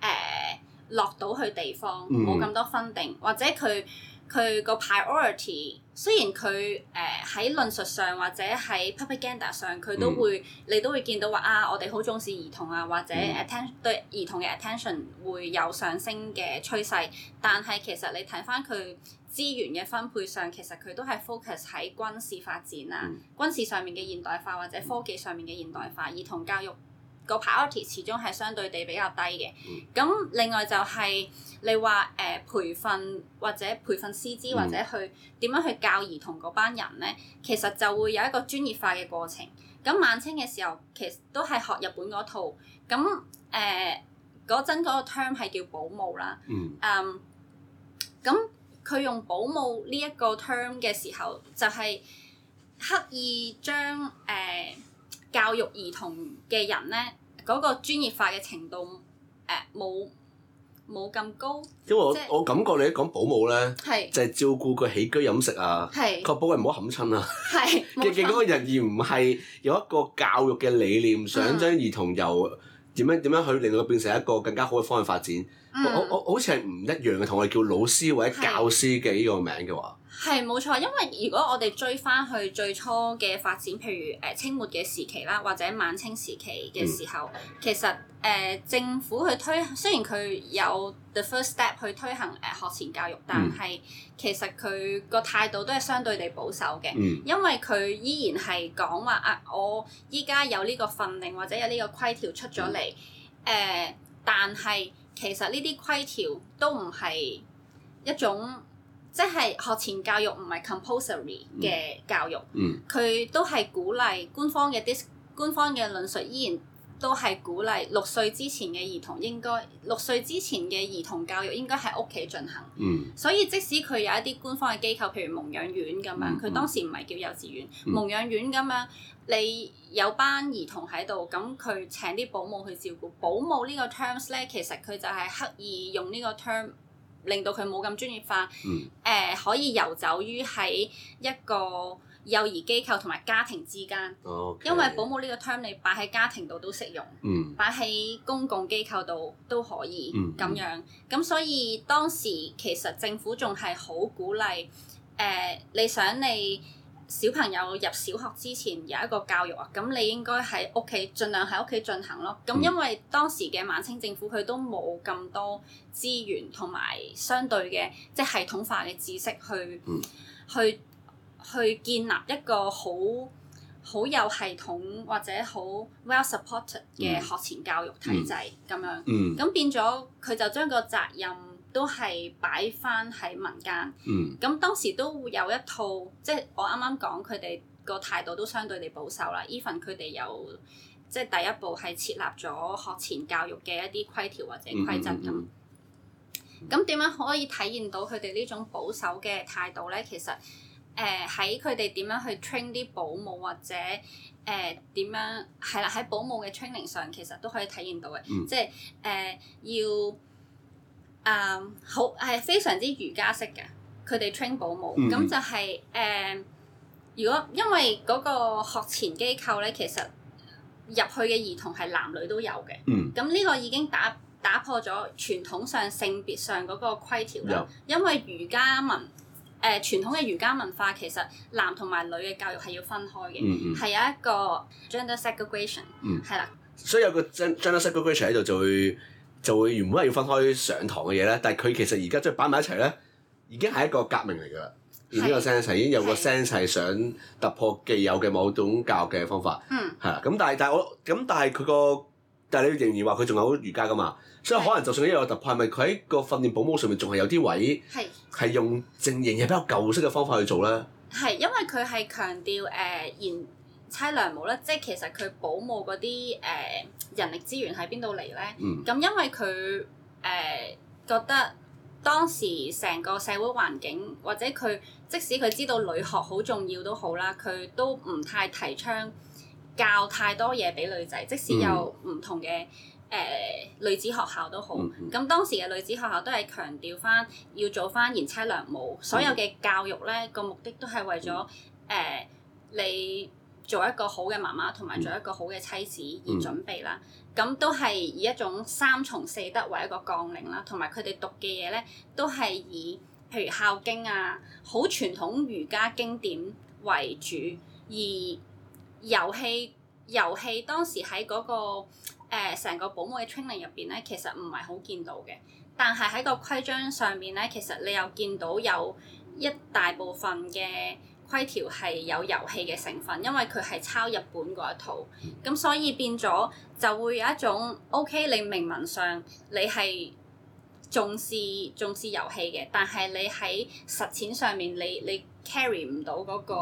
誒、呃、落到去地方，冇咁、嗯、多 funding，或者佢佢個 priority。雖然佢誒喺論述上或者喺 propaganda 上，佢都會、嗯、你都會見到話啊，我哋好重視兒童啊，或者 attention 對兒童嘅 attention 會有上升嘅趨勢。但係其實你睇返佢資源嘅分配上，其實佢都係 focus 喺軍事發展啊，嗯、軍事上面嘅現代化或者科技上面嘅現代化，嗯、兒童教育。個 priority 始終係相對地比較低嘅。咁另外就係、是、你話誒、呃、培訓或者培訓師資、嗯、或者去點樣去教兒童嗰班人咧，其實就會有一個專業化嘅過程。咁晚清嘅時候其實都係學日本嗰套。咁誒嗰陣嗰個 term 係叫保姆啦。嗯。咁佢、嗯、用保姆呢一個 term 嘅時候，就係、是、刻意將誒。呃教育兒童嘅人咧，嗰、那個專業化嘅程度，誒冇冇咁高。因為我即我感覺你一講保姆咧，是就係照顧佢起居飲食啊，是確保佢唔好冚親啊。係， 其實嗰個人而唔係有一個教育嘅理念，想將兒童由點樣點樣去令佢變成一個更加好嘅方向發展。嗯、我我，我好似係唔一樣嘅，同我哋叫老師或者教師嘅呢個名嘅話。是係，冇錯，因為如果我哋追翻去最初嘅發展，譬如誒、呃、清末嘅時期啦，或者晚清時期嘅時候，嗯、其實誒、呃、政府去推，雖然佢有 the first step 去推行誒、呃、學前教育，但係、嗯、其實佢個態度都係相對地保守嘅，嗯、因為佢依然係講話啊，我依家有呢個訓令或者有呢個規條出咗嚟，誒、嗯呃，但係其實呢啲規條都唔係一種。即係學前教育唔係 compulsory 嘅教育，佢、嗯嗯、都係鼓勵，官方嘅 disc 官方嘅論述依然都係鼓勵六歲之前嘅兒童應該，六歲之前嘅兒童教育應該喺屋企進行。嗯、所以即使佢有一啲官方嘅機構，譬如蒙養院咁樣，佢、嗯嗯、當時唔係叫幼稚園，嗯嗯、蒙養院咁樣，你有班兒童喺度，咁佢請啲保姆去照顧。保姆呢個 terms 咧，其實佢就係刻意用呢個 term。令到佢冇咁專業化，誒、嗯呃、可以遊走於喺一個幼兒機構同埋家庭之間，Okay. 因為保姆呢個 term 你擺喺家庭度都適用，擺喺、嗯、公共機構度都可以咁、嗯、哼樣，咁所以當時其實政府仲係好鼓勵，誒、呃、你想你。小朋友入小學之前有一個教育啊，咁你應該喺屋企盡量喺屋企進行咯。咁因為當時嘅晚清政府佢都冇咁多資源同埋相對嘅即系統化嘅知識去、嗯、去去建立一個好好有系統或者好 well supported 嘅學前教育體制咁、嗯、樣，咁、嗯、變咗佢就將個責任。都係擺翻喺民間，咁、嗯、當時都會有一套，即、就、係、是、我啱啱講佢哋個態度都相對地保守啦。Even 佢哋有即係、就是、第一步係設立咗學前教育嘅一啲規條或者規則咁。咁點樣可以體現到佢哋呢種保守嘅態度咧？其實誒喺佢哋點樣去 train 啲保姆或者誒點、呃、樣係啦，喺保姆嘅 training 上其實都可以體現到嘅，即係誒要。誒、uh, 好係非常之儒家式嘅，佢哋 train 保姆，咁、嗯、就係、是、誒。Uh, 如果因為嗰個學前機構咧，其實入去嘅兒童係男女都有嘅。嗯。咁呢個已經打打破咗傳統上性別上嗰個規條啦。有因為儒家文誒、呃、傳統嘅儒家文化其實男同埋女嘅教育係要分開嘅，係有一個 gender segregation。嗯。係啦。所以有個 gender segregation 喺度做，就會原本係要分開上堂嘅嘢咧，但係佢其實而家將擺埋一齊咧，已經係一個革命嚟㗎啦。而呢個 sense 已經有個 sense 是係想突破既有嘅某種教育嘅方法。嗯。係啦。咁但係但係我咁但係佢、嗰個但係你仍然話佢仲有儒家㗎嘛？所以可能就算呢個我突破，係咪佢喺個訓練保姆上面仲係有啲位係用正仍然比較舊式嘅方法去做咧？係因為佢係強調誒現。呃妻良母咧，即係其實佢保姆嗰啲誒人力資源喺邊度嚟咧？咁、嗯、因為佢誒、呃、覺得當時成個社會環境，或者佢即使佢知道女學好重要好都好啦，佢都唔太提倡教太多嘢俾女仔，即使有唔同嘅誒女子學校都好。咁當時嘅女子學校都係強調翻要做翻賢妻良母，嗯、所有嘅教育咧個目的都係為咗誒、嗯呃、你。做一個好嘅媽媽同埋做一個好嘅妻子而準備啦，咁、嗯、都係以一種三從四德為一個綱領啦，同埋佢哋讀嘅嘢咧都係以譬如孝經啊，好傳統儒家經典為主。而遊戲遊戲當時喺嗰、那個成、呃、個保姆嘅 training 入邊咧，其實唔係好見到嘅，但係喺個規章上面咧，其實你又見到有一大部分嘅。規條係有遊戲嘅成分，因為佢係抄日本嗰一套，咁所以變咗就會有一種 O.K. 你明文上你係重視重視遊戲嘅，但係你喺實踐上面你你 carry 唔到嗰個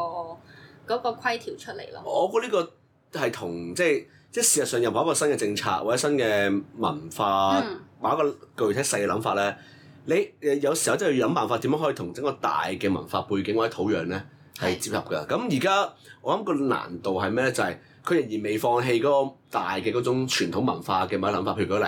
嗰個規條出嚟咯。我覺得呢個係同即係即係事實上又、嗯、某一個新嘅政策或者新嘅文化，某一個具體細嘅諗法咧，你誒有時候真係要諗辦法點樣可以同整個大嘅文化背景或者土壤咧。係接合㗎，咁而家我諗個難度係咩咧？就係佢仍然未放棄嗰個大嘅嗰種傳統文化嘅某啲諗法。譬如舉例，誒、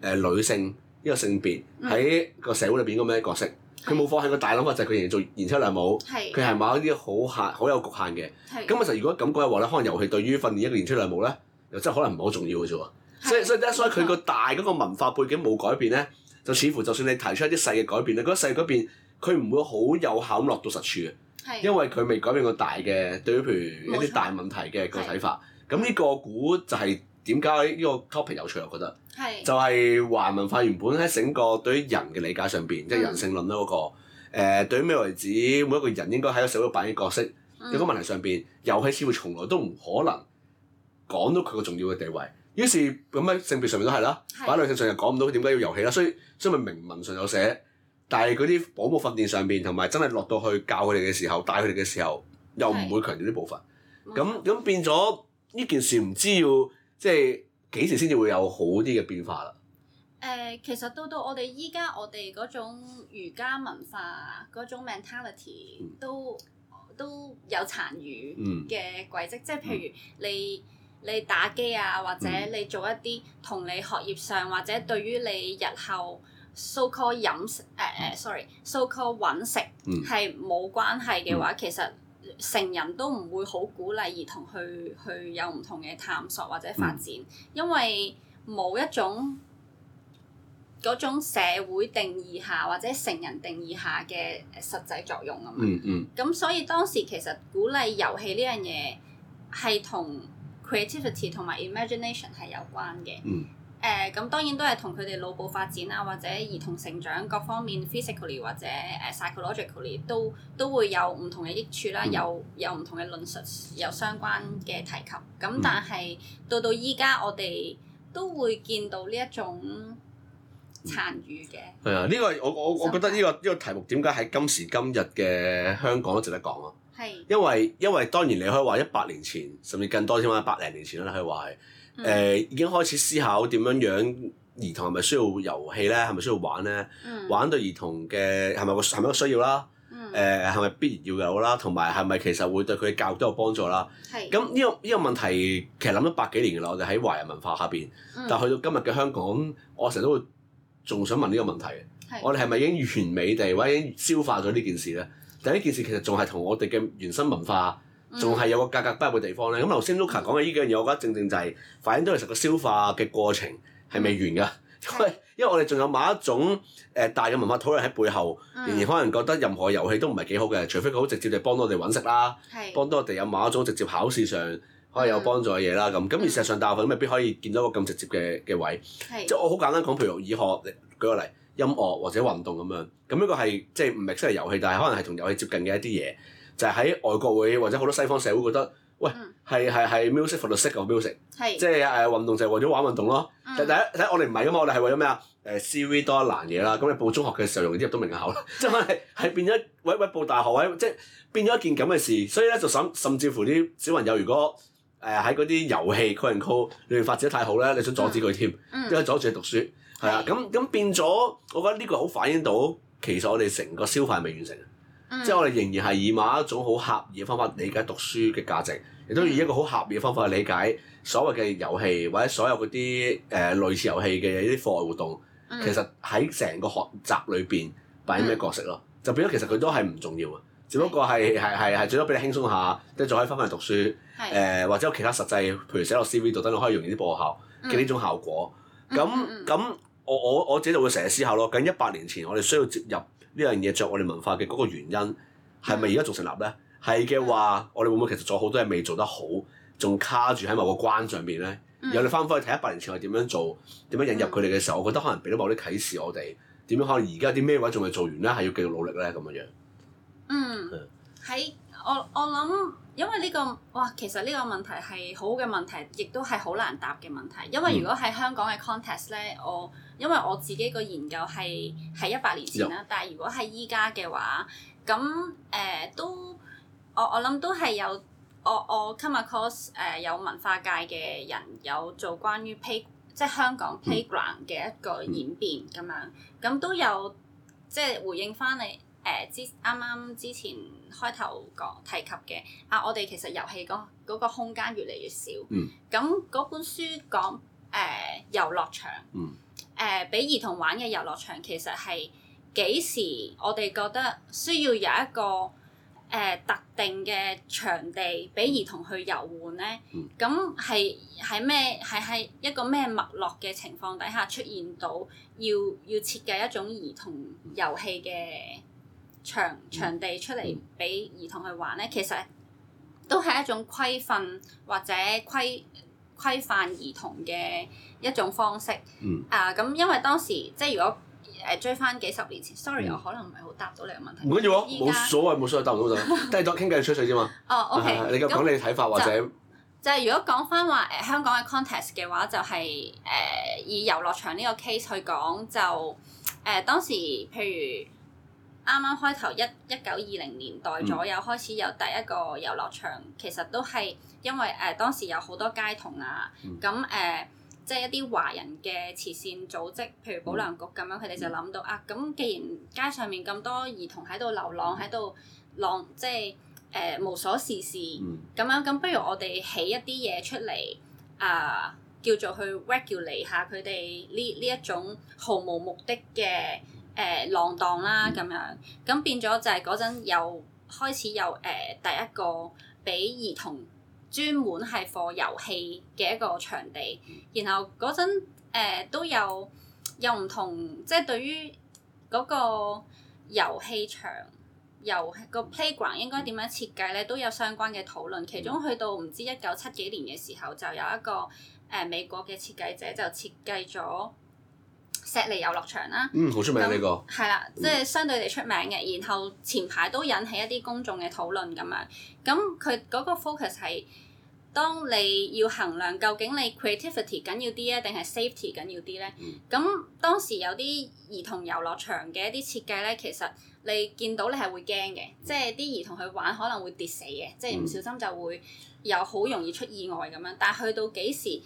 呃、女性呢個性別喺個社會裏邊咁咩角色，佢冇、嗯、放棄個大諗法，就係佢仍然做賢妻良母。係佢係某一啲好限、好有局限嘅。係咁啊！就如果咁講嘅話咧，可能遊戲對於訓練一個賢妻良母咧，又真係可能唔係好重要嘅啫喎。所以是所以所以佢個大嗰個文化背景冇改變咧，就似乎就算你提出一啲細嘅改變，你覺得細嗰邊佢唔會好有效咁落到實處嘅。因為佢未改變過大嘅，對於譬如一啲大問題嘅個睇法，咁呢個股就係點解呢個 topic 有趣。我覺得，的就係華文化原本喺整個對於人嘅理解上邊，即的人性論啦，嗰、那個誒的、呃，對於咩為止每一個人應該喺個社會扮演角色，有個的問題上邊，遊戲似乎從來都唔可能講到佢個重要嘅地位。於是咁喺性別上面都係啦，喺女的性上又講唔到點解要遊戲啦，所以所以咪明文上有寫。但係嗰啲保姆訓練上邊，同埋真係落到去教佢哋嘅時候，帶佢哋嘅時候，又唔會強調呢部分。咁咁的變咗呢件事，唔知要即係幾時先至會有好啲嘅變化啦。誒、呃，其實到到我哋依家我哋嗰種儒家文化嗰種 mentality 都、嗯、都有殘餘嘅軌跡，嗯、即係譬如你、嗯、你打機啊，或者你做一啲同你學業上、嗯、或者對於你日後。so called 飲食誒誒、uh，sorry，so called 揾食係冇、mm. 關係嘅話，mm. 其實成人都唔會好鼓勵兒童去去有唔同嘅探索或者發展，mm. 因為冇一種嗰種社會定義下或者成人定義下嘅誒實際作用啊嘛。咁、mm. mm. 所以當時其實鼓勵遊戲呢樣嘢係同 creativity 同埋 imagination 係有關嘅。Mm. 誒咁、呃、當然都係同佢哋腦部發展啊，或者兒童成長各方面 physically 或者誒 psychologically 都都會有唔同嘅益處啦、嗯，有有唔同嘅論述，有相關嘅提及。咁但係、嗯、到到依家，我哋都會見到呢一種殘餘嘅。係啊，呢、呢個我我我覺得呢、呢個呢、呢個題目點解喺今時今日嘅香港都值得講啊？係是。因為因為當然你可以話一百年前，甚至更多添一百零年前啦，你可以話係。誒、呃、已經開始思考點樣樣兒童係咪需要遊戲咧？係咪需要玩咧？嗯、玩對兒童嘅係咪個係咪個需要啦？誒係咪必然要有啦？同埋係咪其實會對佢嘅教育都有幫助啦？係是。咁呢、呢個呢、呢個問題其實諗咗百幾年嘅啦，我哋喺華人文化下邊，嗯、但去到今日嘅香港，我成日都會仲想問呢個問題。是我哋係咪已經完美地或者已經消化咗呢件事咧？但係呢件事其實仲係同我哋嘅原生文化。仲係有個價格不入嘅地方咧，咁頭先 Luca 講嘅呢樣嘢，嗯、我覺得正正就係、是、反映到其實個消化嘅過程係未完㗎，因為、嗯、因為我哋仲有某一種誒、呃、大嘅文化討論喺背後，仍然、嗯、可能覺得任何遊戲都唔係幾好嘅，除非佢好直接地幫到我哋揾食啦，嗯、幫到我哋有某一種直接考試上、嗯、可能有幫助嘅嘢啦咁，咁而事實上大部分未必可以見到一個咁直接嘅嘅位，嗯、即係我好簡單講，譬如語學舉個例，音樂或者運動咁樣，咁一個係即係唔係真係遊戲，但係可能係同遊戲接近嘅一啲嘢。就係喺外國會或者好多西方社會覺得，喂係係係 music for the sake of music 即係誒運動就係為咗玩運動咯。第一第一我哋唔係嘛，我哋係為咗咩啊？誒 C、V 多一欄嘢啦。咁你報中學嘅時候用啲入到名校啦，即係係變咗，喂，為報大學，為即係變咗一件咁嘅事。所以咧就甚甚至乎啲小朋友如果誒喺嗰啲遊戲 game c a l l 裏面發展得太好咧，你想阻止佢添，都係阻止佢讀書。係啊，咁咁變咗，我覺得呢個好反映到其實我哋成個消化未完成。嗯、即係我哋仍然係以某一種好狹義嘅方法理解讀書嘅價值，亦都以一個好狹義嘅方法去理解所謂嘅遊戲或者所有嗰啲誒類似遊戲嘅一啲課外活動，其實喺成個學習裏邊扮演咩角色咯，嗯、就變咗其實佢都係唔重要嘅，只不過係係係係最多俾你輕鬆下，即係仲可以返去讀書，誒、呃、或者有其他實際，譬如寫落 CV 度，等你可以容易啲報學校嘅呢種效果。咁咁、嗯嗯嗯、我我我自己就會成日思考咯。近一百年前我哋需要接入。呢樣嘢着我哋文化嘅嗰個原因係咪而家做成立呢？係嘅話，我哋會唔會其實做好多嘢未做得好，仲卡住喺某個關上面呢？有你翻返去睇一百年前我點樣做，點樣引入佢哋嘅時候，我覺得可能俾到某啲啟示我哋，點樣可能而家啲咩位仲未做完呢？係要繼續努力咧咁嘅樣。嗯，喺、嗯、我我諗，因為呢、呢個哇，其實呢個問題係好嘅問題，亦都係好難答嘅問題。因為如果喺香港嘅 context 呢。我因為我自己個研究係係一百年前啦，Yep. 但係如果係依家嘅話，咁誒、呃、都我我諗都係有，我我 come across 誒有文化界嘅人有做關於 play 即係香港 playground 嘅一個演變咁、mm. 樣，咁都有即係回應翻你誒之啱啱之前開頭講提及嘅啊，我哋其實遊戲嗰個空間越嚟越少，咁嗰、mm. 本書講誒遊樂場。Mm. 誒，俾、呃、兒童玩嘅遊樂場其實係幾時？我哋覺得需要有一個誒、呃、特定嘅場地俾兒童去遊玩咧。咁係係咩？係喺一個咩脈絡嘅情況底下出現到要要設計一種兒童遊戲嘅場場地出嚟俾兒童去玩咧？其實都係一種規訓或者規。規範兒童嘅一種方式。嗯。啊，咁因為當時即係如果誒追翻幾十年前，嗯，sorry，我可能唔係好答到你嘅問題。唔緊要，冇所謂，冇所謂，答唔到 就，都係當傾偈吹水啫嘛。哦，OK。或者就係、是、如果講翻話誒香港嘅 context 嘅話，就係、是、誒、呃、以遊樂場呢個 case 去講，就誒、呃、當時譬如。啱啱開頭一一九二零年代左右、嗯、開始有第一個遊樂場，其實都係因為誒、呃、當時有好多街童啊，咁誒、嗯啊、即係一啲華人嘅慈善組織，譬如保良局咁樣，佢哋就諗到啊，咁既然街上面咁多兒童喺度流浪，喺度浪，即係誒、呃、無所事事咁、嗯、樣，咁、啊、不如我哋起一啲嘢出嚟啊，叫做去 regulate 下佢哋呢呢一種毫無目的嘅誒、呃、浪蕩啦咁樣，咁、嗯、變咗就係嗰陣又開始有誒、呃、第一個俾兒童專門係 for 遊戲嘅一個場地，嗯、然後嗰陣、呃、都有又唔同，即、就、係、是、對於嗰個遊戲場遊戲、嗰個 playground 應該點樣設計咧，嗯、都有相關嘅討論。其中去到唔知一九七幾年嘅時候，就有一個誒、呃、美國嘅設計者就設計咗石梨遊樂場啦，嗯，好出名呢那、呢個，係啦了，即係相對嚟出名嘅，嗯、然後前排都引起一啲公眾嘅討論咁樣，咁佢嗰個 focus 係：當你要衡量究竟你 creativity 緊要啲啊，定係 safety 緊要啲咧？咁、嗯、當時有啲兒童遊樂場嘅一啲設計咧，其實你見到你係會驚嘅，嗯、即係啲兒童去玩可能會跌死嘅，即係唔小心就會有好容易出意外咁樣，但係去到幾時？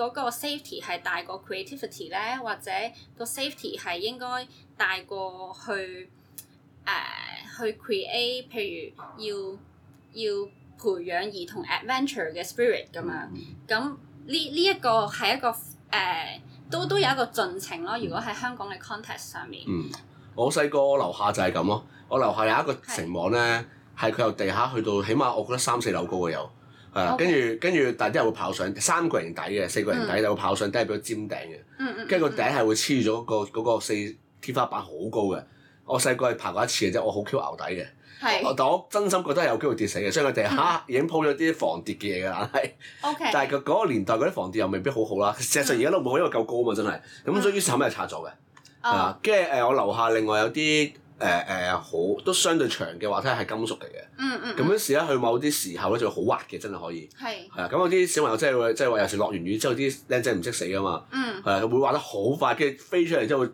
嗰個 safety 係大過 creativity 咧，或者個 safety 係應該大過去誒、呃、去 create，譬如要要培養兒童 adventure 嘅 spirit 咁樣。咁呢呢一個係一個誒都都有一個進程咯。如果喺香港嘅 context 上面，嗯，我細個樓下就係咁咯。我樓下有一個城網咧，係佢由地下去到，起碼我覺得三四樓高嘅有。係啊，跟住跟住，但係啲人會跑上三個人底嘅，四個人底就會跑上底入比較尖頂嘅。嗯嗯。跟住個頂係會黐咗個嗰四天花板好高嘅。我細個係爬過一次嘅啫，我好 Q 牛底嘅。係。我但我真心覺得係有機會跌死嘅，所以個地下已經鋪咗啲防跌嘅嘢㗎係。O K。但係個嗰個年代嗰啲防跌又未必好好啦。事實上而家都唔會，因為夠高啊嘛，真係。咁所以就冇咩插座嘅。啊，跟住誒，我樓下另外有啲。誒誒、呃，好都相對長嘅滑梯係金屬嚟嘅，咁、嗯嗯、樣時咧，佢某啲時候咧就會好滑嘅，真係可以。係是。係啊，咁有啲小朋友真係會，即係話，尤其落完雨之後，啲靚仔唔識死噶嘛。嗯。係啊，會滑得好快，跟住飛出嚟之後，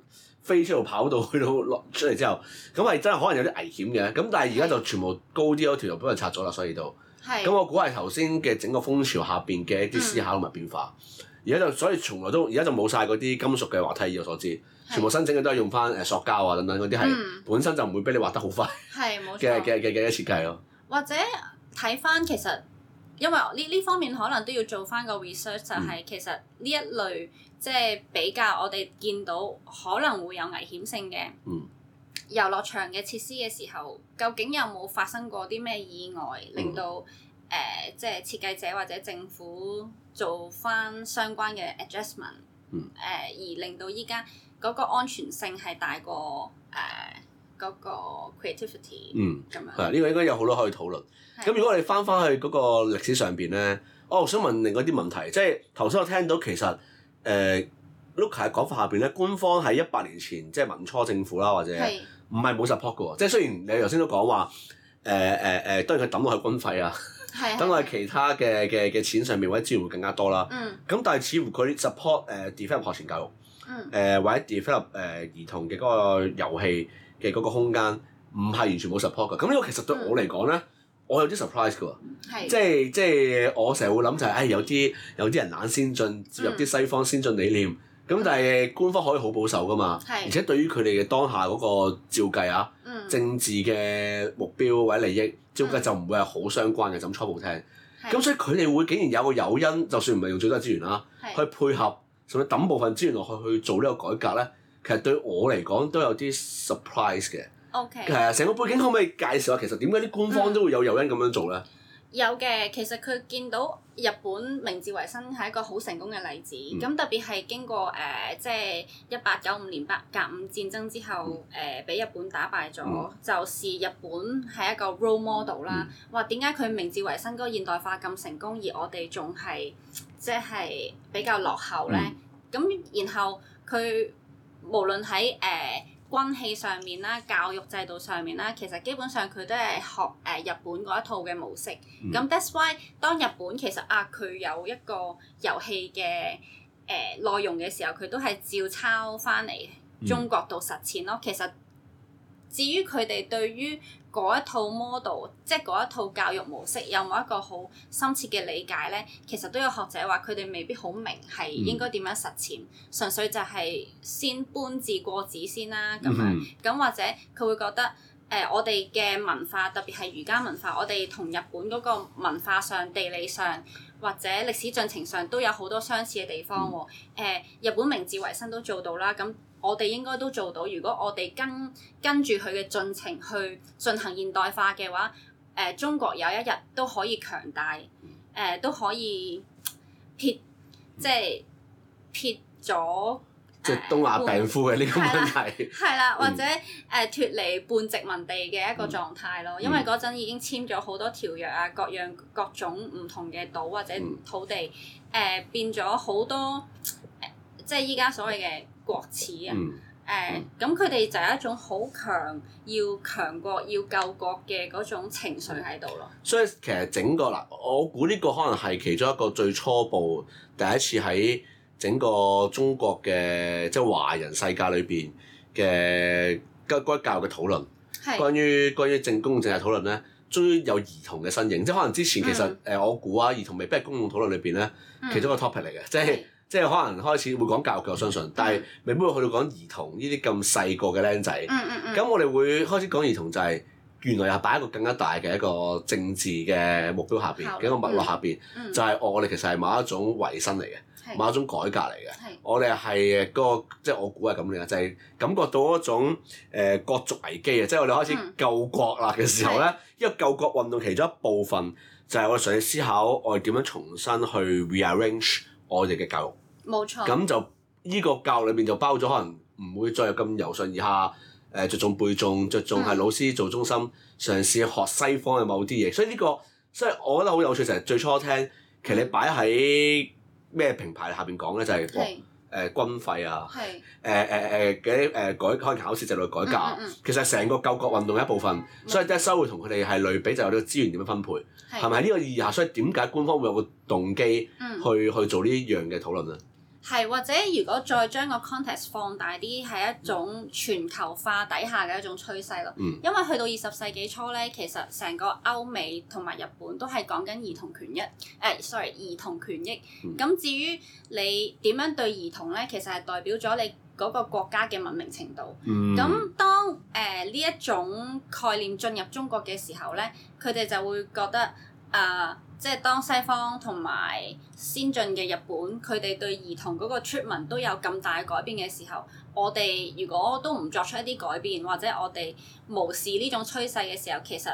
飛出嚟跑到去到落出嚟之後，咁係真係可能有啲危險嘅。咁是但係而家就全部高啲嗰條路都俾人拆咗啦，所以都。係是。咁、嗯、我估係頭先嘅整個風潮下邊嘅一啲思考同埋變化。而家、嗯、就所以從來都而家就冇晒嗰啲金屬嘅滑梯，以我所知。全部申請嘅都係用翻誒塑膠啊，等等嗰啲係本身就唔會俾你滑得好快，係冇錯嘅嘅嘅嘅設計咯。或者睇翻其實因為呢呢方面可能都要做翻個 research，就係其實呢一類即係、就係、比較我哋見到可能會有危險性嘅、嗯、遊樂場嘅設施嘅時候，究竟有冇發生過啲咩意外，令到誒即係設計者或者政府做翻相關嘅 adjustment 誒、嗯呃，而令到依家。嗰個安全性係大過誒嗰個 creativity，嗯，咁樣係啊，呢個應該有好多可以討論。咁是的 如果我哋翻翻去嗰個歷史上邊咧，我是的、哦、想問另外啲問題，即係頭先我聽到其實誒、呃、Luca 喺講法下邊咧，官方喺一百年前即係民初政府啦，或者唔係冇 support 嘅喎。即係雖然你頭先都講話誒誒誒，當然佢抌落去軍費啊， 等落去其他嘅嘅嘅錢上面，或者資源會更加多啦。嗯、啊，咁是的 但係似乎佢 support 誒、呃、develop 學前教育。誒、嗯呃、或者 develop 誒、呃、兒童嘅嗰個遊戲嘅嗰個空間，唔係完全冇 support 嘅。咁、嗯、呢個其實對我嚟講咧，嗯、我有啲 surprise 嘅的。即係即係我成日會諗就係、是，唉、哎、有啲有啲人懶先進，接入啲西方先進理念。咁但係官方可以好保守噶嘛？的而且對於佢哋嘅當下嗰個照計啊，嗯、政治嘅目標或者利益，照計就唔會係好相關嘅。咁、嗯、初步聽，咁的所以佢哋會竟然有個有個誘因，就算唔係用最多資源啦，去配合。所以抌部分資源落去去做呢個改革咧，其實對我嚟講都有啲 surprise 嘅。OK。係啊，成個背景可唔可以介紹下？其實點解啲官方都會有誘因咁樣做咧？有嘅，其實佢見到日本明治維新係一個好成功嘅例子。咁、嗯、特別係經過誒，即係一八九五年八甲午戰爭之後，誒、呃、俾日本打敗咗，嗯、就是日本係一個 role model 啦、嗯。哇，點解佢明治維新嗰個現代化咁成功，而我哋仲係？即係比較落後咧，咁、嗯、然後佢無論喺誒、uh, 軍器上面啦、教育制度上面啦，其實基本上佢都係學誒、uh, 日本嗰一套嘅模式。咁、嗯、That's why 當日本其實啊，佢有一個遊戲嘅誒、uh, 內容嘅時候，佢都係照抄翻嚟中國度實踐咯。嗯、其實至於佢哋對於嗰一套 model，即係嗰一套教育模式，有冇一個好深切嘅理解咧？其實都有學者話佢哋未必好明係應該點樣實踐，嗯、純粹就係先搬字過紙先啦。咁樣、嗯哼，咁或者佢會覺得誒、呃、我哋嘅文化特別係儒家文化，我哋同日本嗰個文化上、地理上或者歷史進程上都有好多相似嘅地方誒、啊嗯呃、日本明治維新都做到啦，咁。我哋應該都做到。如果我哋跟跟住佢嘅進程去進行現代化嘅話，誒、呃、中國有一日都可以強大，誒、呃、都可以撇，即係撇咗、呃、即係東亞病夫嘅呢、這個問題。係啦，啦嗯、或者誒脱、呃、離半殖民地嘅一個狀態咯。嗯、因為嗰陣已經簽咗好多條約啊，各樣各種唔同嘅島或者土地誒、嗯呃、變咗好多，即係依家所謂嘅。國恥啊，誒、嗯，咁佢哋就係一種好強，要強國，要救國嘅嗰種情緒喺度咯。所以其實整個嗱，我估呢個可能係其中一個最初步，第一次喺整個中國嘅即係華人世界裏邊嘅嗰嗰教育嘅討論，是關於關於政公正政治討論咧，終於有兒童嘅身影。即係可能之前其實誒、嗯呃、我估啊，兒童未必係公共討論裏邊咧，其中一個 topic 嚟嘅，即係、嗯。就是即係可能開始會講教育嘅，我相信。但係未必會去到講兒童呢啲咁細個嘅僆仔。嗯咁、嗯、我哋會開始講兒童，就係、是、原來又擺喺一個更加大嘅一個政治嘅目標下邊，嘅、嗯、一個脈絡下邊，嗯嗯、就係我哋其實係某一種維新嚟嘅，是某一種改革嚟嘅。我哋係誒個，即、就、係、是、我估係咁嘅，就係、是、感覺到一種誒國族危機啊！即、就、係、是、我哋開始救國啦嘅時候呢，嗯嗯、因為救國運動其中一部分就係我哋嘗試思考我哋點樣重新去 rearrange 我哋嘅教育。冇錯，咁就呢個教裏邊就包咗，可能唔會再有咁由上而下，誒著重背誦，着重係老師做中心，嘗試學西方嘅某啲嘢。所以呢個，所以我覺得好有趣，成日最初聽，其實你擺喺咩平台下邊講咧，就係誒軍費啊，誒誒誒嘅誒改開考試制度嘅改革，其實成個救國運動一部分，所以德收會同佢哋係類比，就係呢個資源點樣分配，係咪呢個意義下？所以點解官方會有個動機去去做呢一樣嘅討論咧？係，或者如果再將個 context 放大啲，係一種全球化底下嘅一種趨勢咯。嗯、因為去到二十世紀初咧，其實成個歐美同埋日本都係講緊兒童權益，誒、哎，sorry，兒童權益。咁、嗯、至於你點樣對兒童咧，其實係代表咗你嗰個國家嘅文明程度。咁、嗯、當誒呢、呃、一種概念進入中國嘅時候咧，佢哋就會覺得啊～、呃即係當西方同埋先進嘅日本，佢哋對兒童嗰個 treatment 都有咁大改變嘅時候，我哋如果都唔作出一啲改變，或者我哋無視呢種趨勢嘅時候，其實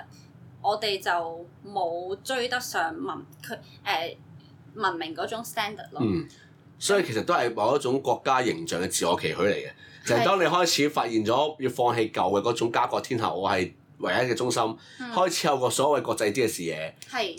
我哋就冇追得上文佢、誒、呃、文明嗰種 standard 咯。嗯，所以其實都係某一種國家形象嘅自我期許嚟嘅。的就係當你開始發現咗要放棄舊嘅嗰種家國天下，我係。唯一嘅中心開始有個所謂國際啲嘅視野，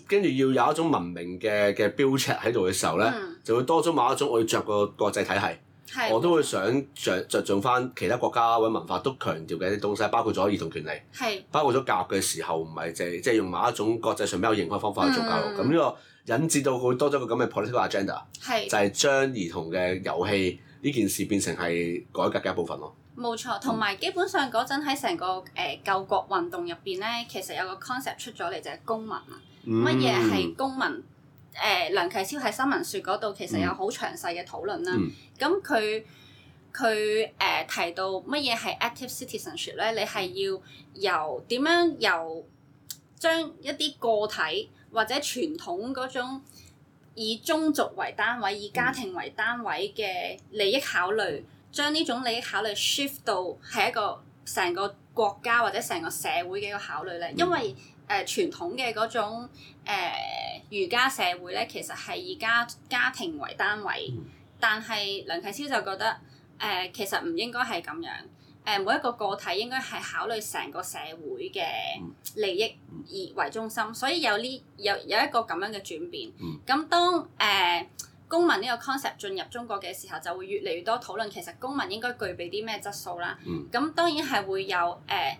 跟住要有一種文明嘅嘅標尺喺度嘅時候咧，就會多咗某一種我要着個國際體系，我都會想著着重翻其他國家或啲文化都強調嘅一啲東西，包括咗兒童權利，包括咗教育嘅時候，唔係淨係即係用某一種國際上比較認可嘅方法去做教育，咁呢個引致到會多咗個咁嘅 political agenda，就係將兒童嘅遊戲呢件事變成係改革嘅一部分咯。冇錯，同埋基本上嗰陣喺成個誒、呃、救國運動入邊咧，其實有個 concept 出咗嚟就係公民啊，乜嘢係公民？誒、嗯呃、梁啟超喺新民說嗰度其實有好詳細嘅討論啦。咁佢佢誒提到乜嘢係 active citizenship 咧？你係要由點樣由將一啲個體或者傳統嗰種以宗族為單位、以家庭為單位嘅利益考慮。將呢種利益考慮 shift 到係一個成個國家或者成個社會嘅一個考慮咧，因為誒傳、呃、統嘅嗰種儒家、呃、社會咧，其實係以家家庭為單位，但係梁啟超就覺得誒、呃、其實唔應該係咁樣，誒、呃、每一個個體應該係考慮成個社會嘅利益而為中心，所以有呢有有一個咁樣嘅轉變。咁當誒、呃公民呢個 concept 進入中國嘅時候，就會越嚟越多討論其實公民應該具備啲咩質素啦。咁、嗯、當然係會有誒、呃、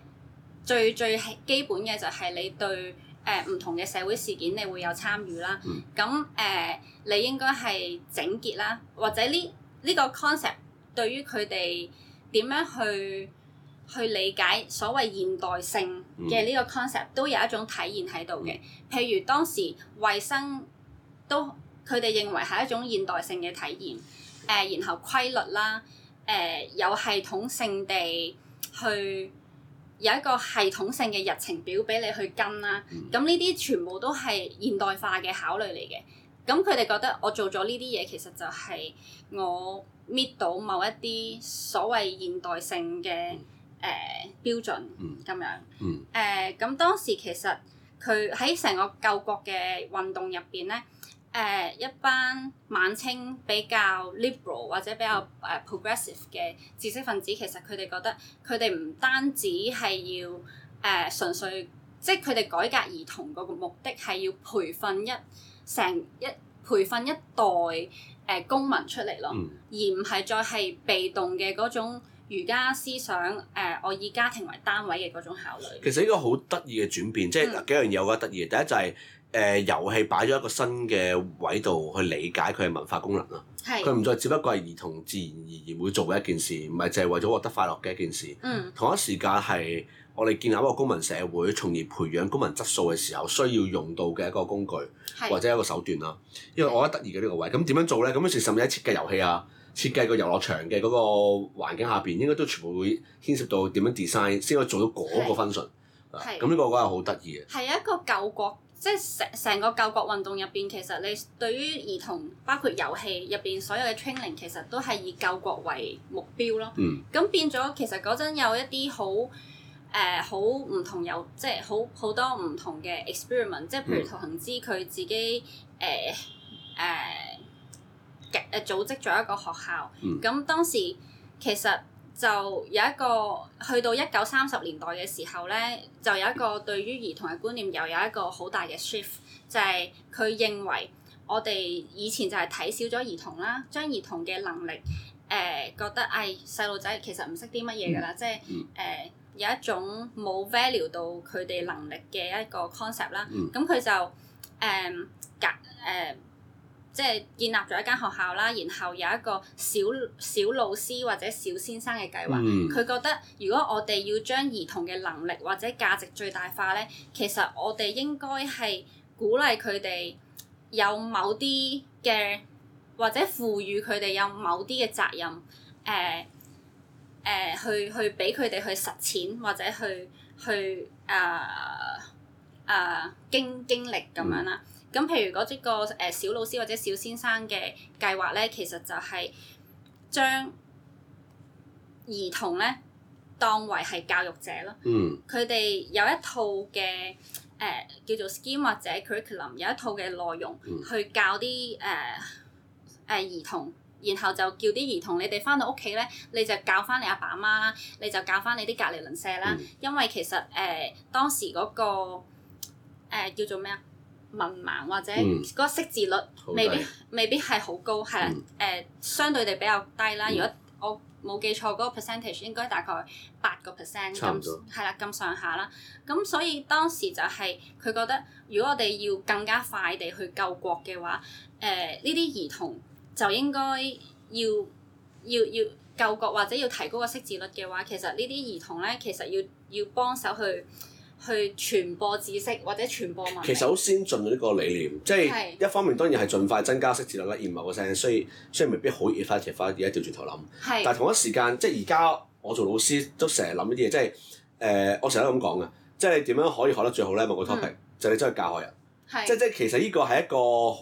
最最基本嘅就係你對誒唔、呃、同嘅社會事件你會有參與啦。咁誒、嗯呃、你應該係整潔啦，或者呢呢、呢個 concept 對於佢哋點樣去去理解所謂現代性嘅呢個 concept、嗯、都有一種體現喺度嘅。嗯、譬如當時衛生都。佢哋認為係一種現代性嘅體驗，誒、呃，然後規律啦，誒、呃，有系統性地去有一個系統性嘅日程表俾你去跟啦。咁呢啲全部都係現代化嘅考慮嚟嘅。咁佢哋覺得我做咗呢啲嘢，其實就係我搣到某一啲所謂現代性嘅誒、呃、標準咁樣。誒、呃，咁、呃呃呃呃、當時其實佢喺成個救國嘅運動入邊咧。誒一班晚清比較 liberal 或者比較誒 progressive 嘅知識分子，其實佢哋覺得佢哋唔單止係要誒純、呃、粹，即係佢哋改革兒童個目的係要培訓一成一培訓一代誒、呃、公民出嚟咯，嗯、而唔係再係被動嘅嗰種儒家思想誒、呃，我以家庭為單位嘅嗰種考慮。其實呢個好得意嘅轉變，即係嗱，幾樣嘢有㗎得意，第一就係、是。誒、呃、遊戲擺咗一個新嘅位度去理解佢嘅文化功能啦，佢唔是再只不過係兒童自然而然會做嘅一件事，唔係淨係為咗獲得快樂嘅一件事。嗯、同一時間係我哋建立一個公民社會，從而培養公民質素嘅時候需要用到嘅一個工具是或者一個手段啦。是因為我覺得得意嘅呢個位，咁點樣做咧？咁於是甚至喺設計遊戲啊、設計個遊樂場嘅嗰個環境下邊，應該都全部會牽涉到點樣 design 先可以做到嗰個分寸。係咁是，呢是、啊、個我覺得好得意嘅。係一個舊國。即係成成個救國運動入邊，其實你對於兒童包括遊戲入邊所有嘅 training，其實都係以救國為目標咯。咁、嗯、變咗，其實嗰陣有一啲好誒好唔同有，即係好好多唔同嘅 experiment，即係譬如陶行知佢自己誒誒誒組織咗一個學校。咁、嗯、當時其實。就有一個，去到一九三十年代嘅時候咧，就有一個對於兒童嘅觀念又有一個好大嘅 shift，就係佢認為我哋以前就係睇少咗兒童啦，將兒童嘅能力誒、呃、覺得唉，細路仔其實唔識啲乜嘢㗎啦，即係誒有一種冇 value 到佢哋能力嘅一個 concept 啦。咁佢、嗯、就誒隔誒。呃即係建立咗一間學校啦，然後有一個小小老師或者小先生嘅計劃。佢、嗯、覺得如果我哋要將兒童嘅能力或者價值最大化咧，其實我哋應該係鼓勵佢哋有某啲嘅，或者賦予佢哋有某啲嘅責任。誒、呃、誒、呃，去去俾佢哋去實踐或者去去啊啊經經歷咁樣啦。嗯咁譬如嗰一個小老師或者小先生嘅計劃咧，其實就係將兒童咧當為係教育者咯。嗯。佢哋有一套嘅誒、呃、叫做 Scheme 或者 Curriculum，有一套嘅內容去教啲誒誒兒童，然後就叫啲兒童，你哋翻到屋企咧，你就教翻你阿爸媽啦，你就教翻你啲隔離鄰舍啦。嗯、因為其實誒、呃、當時嗰、嗰個、呃、叫做咩啊？文盲或者嗰個識字率、嗯、未必未必係好高，係啦，誒、嗯呃、相對地比較低啦。嗯、如果我冇記錯，嗰、嗰個 percentage 應該大概八個 percent 咁係啦，咁上下啦。咁所以當時就係佢覺得，如果我哋要更加快地去救國嘅話，誒呢啲兒童就應該要要要救國或者要提高個識字率嘅話，其實呢啲兒童咧，其實要要幫手去。去傳播知識或者傳播文，其實好先進呢個理念，即係一方面當然係盡快增加識字率，甩耳目嘅聲，所以所以未必好易翻折翻，而家掉轉頭諗。但係同一時間即係而家我做老師都成日諗一啲嘢，即係誒、呃、我成日都咁講嘅，即係你點樣可以學得最好咧？某個 topic、嗯、就係你真係教學人，是即即其實呢個係一個好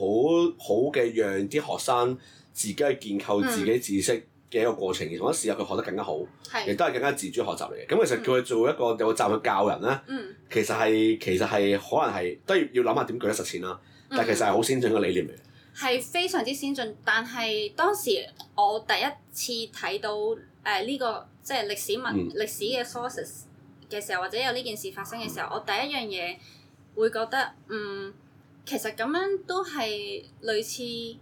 好嘅讓啲學生自己去建構自己知識。嗯嘅一個過程，同一試下佢學得更加好，是亦都係更加自主學習嚟嘅。咁其實叫佢做一個、嗯、有責任去教人咧、嗯，其實係、嗯、其實係可能係都要要諗下點具體實踐啦。但係其實係好先進嘅理念嚟嘅。係非常之先進，但係當時我第一次睇到誒呢、呃呢個即係歷史文、嗯、歷史嘅 sources 嘅時候，或者有呢件事發生嘅時候，嗯、我第一樣嘢會覺得嗯，其實咁樣都係類似。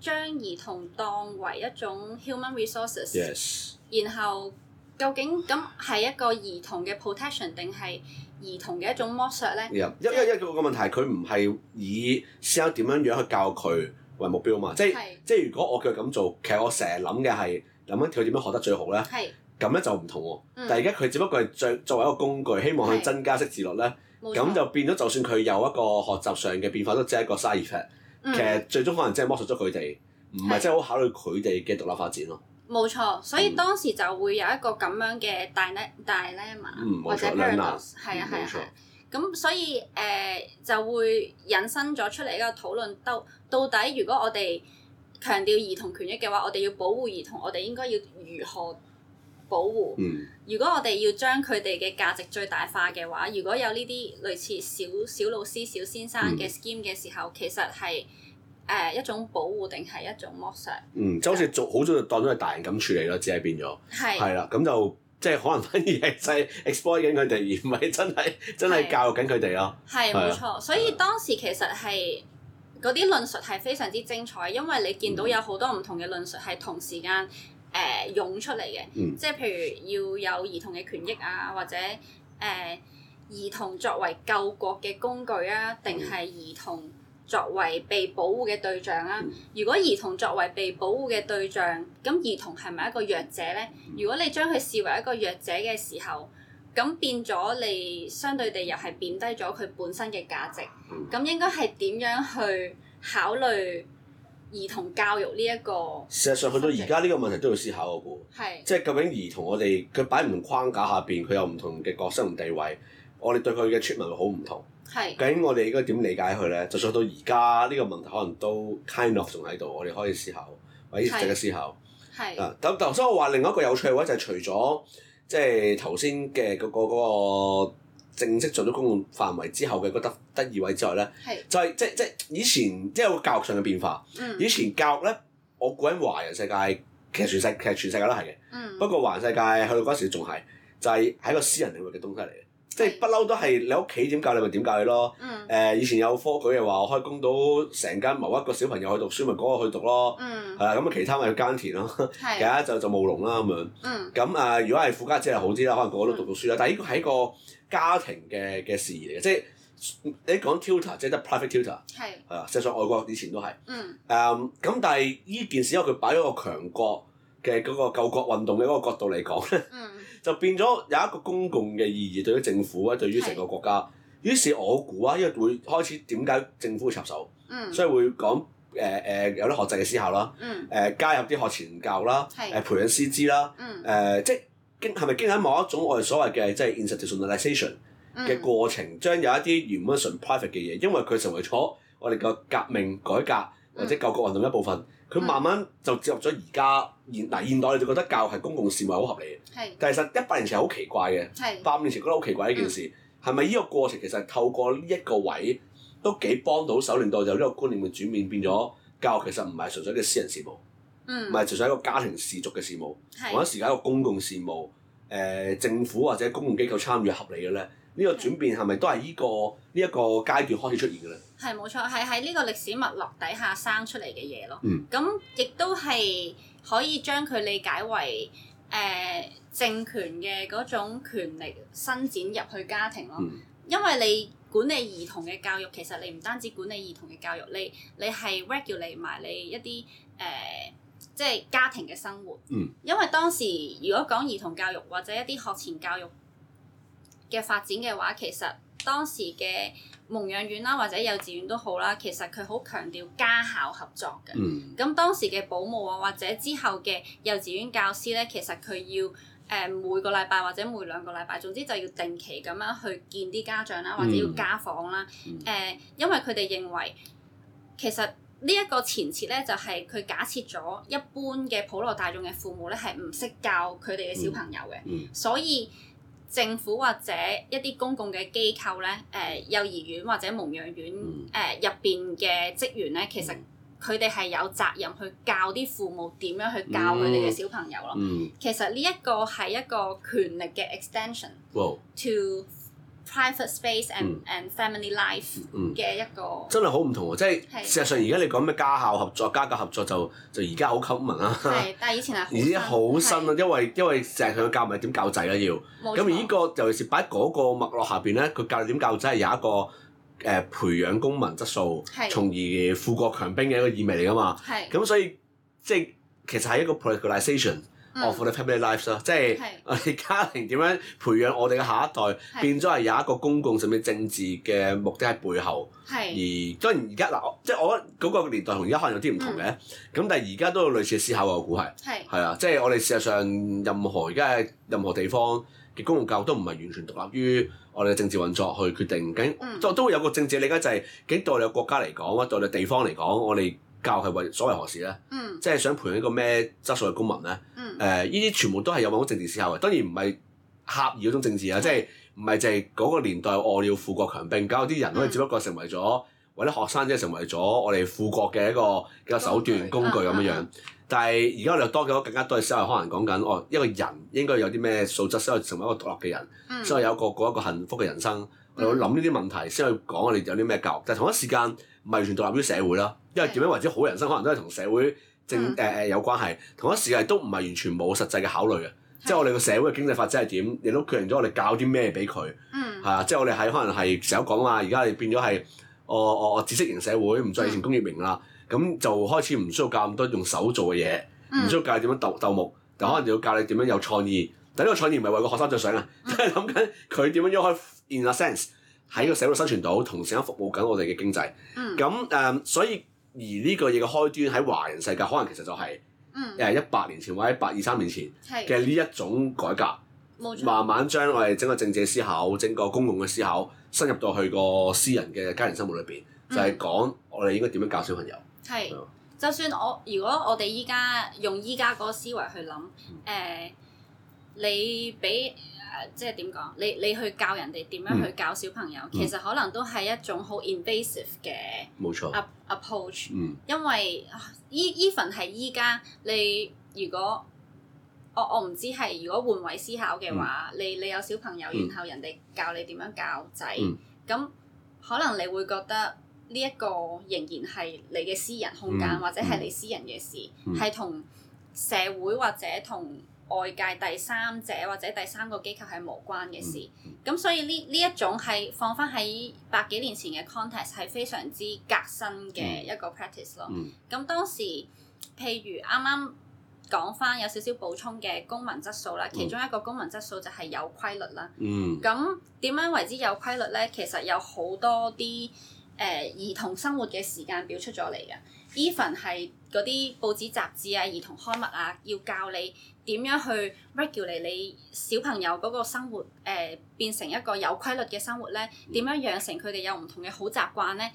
將兒童當為一種 human resources，Yes. 然後究竟咁係一個兒童嘅 protection 定係兒童嘅一種剝削咧？啊 Yeah.、就是，因因為一個一個問題，佢唔係以思考點樣樣去教佢為目標嘛，即係是即係如果我叫佢咁做，其實我成日諗嘅係諗緊佢點樣學得最好咧，咁咧是就唔同喎。嗯、但而家佢只不過係作作為一個工具，希望去增加識字率咧，咁就變咗就算佢有一個學習上嘅變化，都只係一個 side effect。嗯、其實最終可能真係剝削咗佢哋，唔係真係好考慮佢哋嘅獨立發展咯。冇錯，所以當時就會有一個咁樣嘅 dilemma、dilemma 嘛，或者 perilous 係啊係啊。咁錯、啊啊、所以誒、呃、就會引申咗出嚟一個討論，到到底如果我哋強調兒童權益嘅話，我哋要保護兒童，我哋應該要如何？保護。嗯、如果我哋要將佢哋嘅價值最大化嘅話，如果有呢啲類似小小老師、小先生嘅 scheme 嘅時候，其實係誒、呃、一種保護定係一種剝削？嗯，即好似早、就是、好早就當咗係大人咁處理咯，只係變咗係係啦。咁是就即係可能反而 ex 細 exploit 緊佢哋，而唔係真係是真係教育緊佢哋咯。係冇是了錯，所以當時其實係嗰啲論述係非常之精彩，因為你見到有好多唔同嘅論述係同時間。誒、呃、湧出嚟嘅，即係譬如要有兒童嘅權益啊，或者誒、呃、兒童作為救國嘅工具啊，定係兒童作為被保護嘅對象啊？如果兒童作為被保護嘅對象，咁兒童係咪一個弱者咧？如果你將佢視為一個弱者嘅時候，咁變咗你相對地又係貶低咗佢本身嘅價值。咁應該係點樣去考慮？兒童教育呢一個，事實上去到而家呢個問題都要思考嘅噃，即係是究竟兒童我哋佢擺唔同框架下邊，佢有唔同嘅角色同地位，我哋對佢嘅 treatment 好唔同。係是究竟我哋應該點理解佢咧？就算到而家呢個問題，可能都 kind of 仲喺度，我哋可以思考，或者值得思考。係啊，咁頭先我話另一個有趣嘅位就係除咗即係頭先嘅嗰個嗰個。嗰個正式做咗公共範圍之後嘅得得意位之外咧，是就係、是、即即以前即有教育上嘅變化。嗯、以前教育咧，我估人華人世界其實全世其實全世界都係嘅。嗯、不過華人世界去到嗰時仲係就係、是、喺一個私人領域嘅東西嚟嘅，即不嬲都係你屋企點教你咪點教你咯。誒、嗯呃、以前有科舉又話我可以供到成間某一個小朋友去讀書咪嗰個去讀咯，係啦，咁啊其他咪去耕田咯，有一就就務農啦咁樣。咁啊的、嗯嗯呃、如果係富家姐又好啲啦，可能嗰個都讀到書啦，但係依個係一個。嗯家庭嘅嘅事宜嚟嘅，即係你講 tutor，即係得 private tutor，係係啊是，即係上外國以前都係，嗯，誒咁、嗯，但係依件事，因為佢擺咗個強國嘅嗰個救國運動嘅嗰個角度嚟講咧，嗯， 就變咗有一個公共嘅意義對於政府啊，對於成個國家。是於是，我估啊，因為會開始點解政府會插手，嗯，所以會講誒誒、呃呃、有啲學制嘅思考啦，嗯，誒、呃、加入啲學前教啦，係是，誒是培養師資啦，嗯，誒即係。經係咪經喺某一種我哋所謂嘅即係 institutionalisation 嘅過程，嗯、將有一啲原本純 private 嘅嘢，因為佢成為咗我哋嘅革命改革或者救國運動一部分，佢慢慢就接入咗而家現嗱、嗯、現代你就覺得教育係公共事務係好合理嘅，是但係實一百年前好奇怪嘅，百五是年前覺得好奇怪一件事，係咪呢個過程其實透過呢一個位都幾幫到手，令到就呢個觀念嘅轉變，變咗教育其實唔係純粹嘅私人事務。唔係，就算、嗯、一個家庭氏族嘅事務，是或者係搞一個公共事務，誒、呃、政府或者公共機構參與合理嘅咧。呢、這個轉變係咪都係依、這個呢一、這個階段開始出現嘅咧？係冇錯，係喺呢個歷史脈絡底下生出嚟嘅嘢咯。咁、嗯、亦都係可以將佢理解為誒、呃、政權嘅嗰種權力伸展入去家庭咯。嗯、因為你管理兒童嘅教育，其實你唔單止管理兒童嘅教育，你你係 regulate 埋你，reg 你一啲誒。呃即係家庭嘅生活，嗯、因為當時如果講兒童教育或者一啲學前教育嘅發展嘅話，其實當時嘅蒙養院啦或者幼稚園都好啦，其實佢好強調家校合作嘅。咁、嗯、當時嘅保姆啊或者之後嘅幼稚園教師咧，其實佢要誒、呃、每個禮拜或者每兩個禮拜，總之就要定期咁樣去見啲家長啦，或者要家訪啦。誒、嗯嗯呃，因為佢哋認為其實。呢一個前設咧，就係、是、佢假設咗一般嘅普羅大眾嘅父母咧，係唔識教佢哋嘅小朋友嘅，嗯嗯、所以政府或者一啲公共嘅機構咧，誒、呃、幼兒園或者蒙養院誒入邊嘅職員咧，其實佢哋係有責任去教啲父母點樣去教佢哋嘅小朋友咯。嗯嗯、其實呢一個係一個權力嘅 extension to。private space and and family life 嘅、嗯嗯嗯、一個真係好唔同喎，即係是事實上而家你講咩家校合作、家教合作就就而家好 common 啦。係，但係以前係而家好新啊是，因為因為成日佢教咪點教仔啦要。咁錯而呢、這個尤其是擺喺嗰個脈絡下邊咧，佢教點教仔係有一個誒培養公民質素，從是而富國強兵嘅一個意味嚟㗎嘛。係是。咁是所以即係其實係一個 privatization。我哋 family lives 咯，即係我哋家庭點樣培養我哋嘅下一代，是變咗係有一個公共甚至政治嘅目的喺背後。是而當然而家嗱，即係我覺得嗰個年代同而家可能有啲唔同嘅，咁、嗯、但係而家都有類似嘅思考喎，估係。係是。係啊，即係我哋事實上任何而家任何地方嘅公共教育都唔係完全獨立於我哋嘅政治運作去決定，咁、嗯嗯、都都會有個政治理解就係、是，究竟對你哋國家嚟講，或者對我哋地方嚟講，我哋。教育係為所為何事咧？嗯、即係想培養一個咩質素嘅公民咧？誒、嗯，呢啲、呃、全部都係有某種政治思考嘅，當然唔係狹義嗰種政治啊，嗯、即係唔係就係嗰個年代我要富國強兵，教啲人可以只不過成為咗、嗯、或者學生即係成為咗我哋富國嘅一個嘅手段工具咁樣、嗯、樣。嗯、但係而家我哋又多咗更加多嘅，所以可能講緊哦，一個人應該有啲咩素質，先可以成為一個獨立嘅人，先、嗯、有一個過一個幸福嘅人生。我諗呢啲問題先去講我哋有啲咩教育，但係同一時間，唔係完全獨立於社會啦，因為點樣為之好人生，可能都係同社會政誒誒有關係。同一時間都唔係完全冇實際嘅考慮嘅，是即係我哋個社會嘅經濟發展係點，亦都決定咗我哋教啲咩俾佢。嗯，係啊，即係我哋喺可能係成日講話，而家變咗係我我知識型社會，唔再以前工業型啦。咁、嗯、就開始唔需要教咁多用手做嘅嘢，唔需要教你點樣鬥鬥木，但可能要教你點樣有創意。但呢個創意唔係為個學生着想啊，即係諗緊佢點樣喐開。In a sense. 喺個社會生存到，同時咁服務緊我哋嘅經濟。咁誒、嗯，um, 所以而呢個嘢嘅開端喺華人世界，可能其實就係誒一百年前或者百二三年前嘅呢一種改革，冇錯慢慢將我哋整個政治思考、整個公共嘅思考，深入到去個私人嘅家庭生活裏邊，就係、是、講我哋應該點樣教小朋友。係，就算我如果我哋依家用依家嗰個思維去諗，誒、嗯呃，你俾。即係點講？你你去教人哋點樣去教小朋友，嗯、其實可能都係一種好 invasive 嘅，冇錯 approach。因為 even 係依家，你如果我我唔知係如果換位思考嘅話，嗯、你你有小朋友，然後人哋教你點樣教仔，咁、嗯、可能你會覺得呢一個仍然係你嘅私人空間，嗯、或者係你私人嘅事，係同、嗯、社會或者同。外界第三者或者第三個機構係無關嘅事，咁、嗯、所以呢呢一種係放翻喺百幾年前嘅 context 係非常之革新嘅一個 practice 咯。咁、嗯、當時，譬如啱啱講翻有少少補充嘅公民質素啦，嗯、其中一個公民質素就係有規律啦。嗯，咁點樣為之有規律咧？其實有好多啲。誒、呃、兒童生活嘅時間表出咗嚟嘅，even 係嗰啲報紙雜誌啊、兒童刊物啊，要教你點樣去 regulate 你你小朋友嗰個生活，誒、呃、變成一個有規律嘅生活咧，點樣養成佢哋有唔同嘅好習慣咧？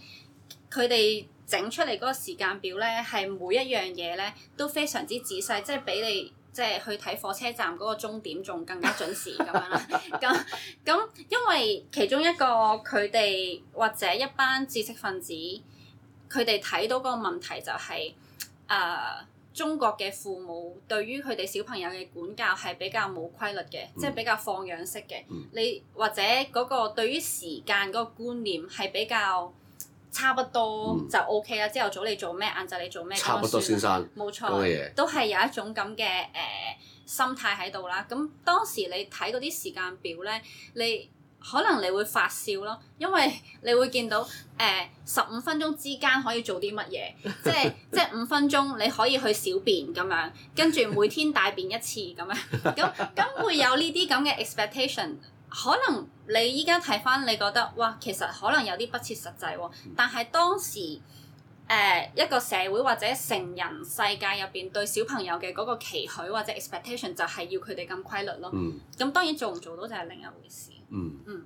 佢哋整出嚟嗰個時間表咧，係每一樣嘢咧都非常之仔細，即係俾你。即係去睇火車站嗰個終點仲更加準時咁 樣啦，咁咁因為其中一個佢哋或者一班知識分子，佢哋睇到嗰個問題就係、是，誒、呃、中國嘅父母對於佢哋小朋友嘅管教係比較冇規律嘅，嗯、即係比較放養式嘅，嗯、你或者嗰個對於時間嗰個觀念係比較。差不多就 O K 啦。朝頭早你做咩，晏晝你做咩，差不多先生，都算啦。冇錯，謝謝都係有一種咁嘅誒心態喺度啦。咁當時你睇嗰啲時間表咧，你可能你會發笑咯，因為你會見到誒十五分鐘之間可以做啲乜嘢，即係 即係五分鐘你可以去小便咁樣，跟住每天大便一次咁樣，咁咁會有呢啲咁嘅 expectation。可能你依家睇翻，你覺得哇，其實可能有啲不切實際、哦、但係當時，誒、呃、一個社會或者成人世界入邊對小朋友嘅嗰個期許或者 expectation 就係要佢哋咁規律咯。咁、嗯嗯、當然做唔做到就係另一回事。嗯，嗯，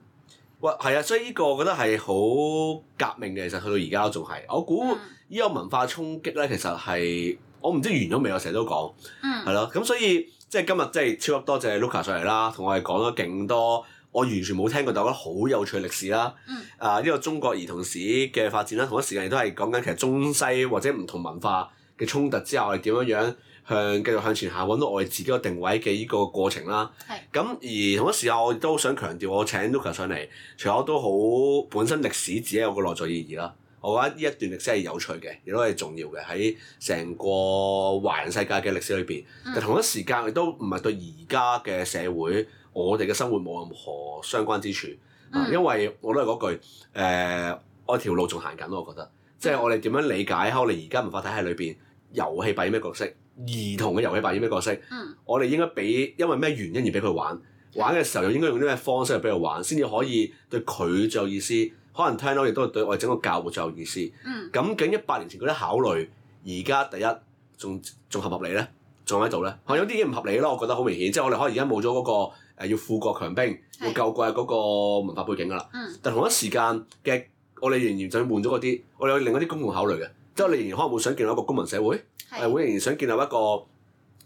喂，係啊，所以呢個我覺得係好革命嘅，其實去到而家都仲係。我估呢個文化衝擊咧，其實係我唔知完咗未。我成日都講，係咯、嗯。咁、啊、所以即係今日即係超級多謝 Luca 上嚟啦，同我哋講咗勁多。我完全冇聽過，但我覺得好有趣嘅歷史啦。嗯。啊，呢、這個中國兒童史嘅發展啦，同一時間亦都係講緊其實中西或者唔同文化嘅衝突之後係點樣樣向繼續向前行，揾到我哋自己個定位嘅呢個過程啦。係是。咁、啊、而同一時間我亦都想強調，我請 Luca 上嚟，除咗都好本身歷史自己有個內在意義啦。我覺得呢一段歷史係有趣嘅，亦都係重要嘅喺成個華人世界嘅歷史裏邊。嗯、但同一時間亦都唔係對而家嘅社會。我哋嘅生活冇任何相關之處，嗯、因為我都係嗰句，誒、呃，我條路仲行緊咯，我覺得，即係我哋點樣理解？我哋而家文化體系裏邊，遊戲扮演咩角色？兒童嘅遊戲扮演咩角色？嗯、我哋應該俾因為咩原因而俾佢玩，玩嘅時候又應該用啲咩方式去俾佢玩，先至可以對佢最有意思。可能聽落亦都係對我哋整個教育最有意思。嗯，咁竟一百年前嗰啲考慮，而家第一仲仲合唔合理呢？仲喺度呢？可能有啲嘢唔合理咯，我覺得好明顯。即係我哋可能而家冇咗嗰個。誒，要富國強兵，要舊季嗰個文化背景㗎喇。嗯、但同一時間嘅我哋仍然就要換咗嗰啲，我哋有另一啲公共考慮嘅，即係我哋仍然可能會想建立一個公民社會，係會是仍然想建立一個誒、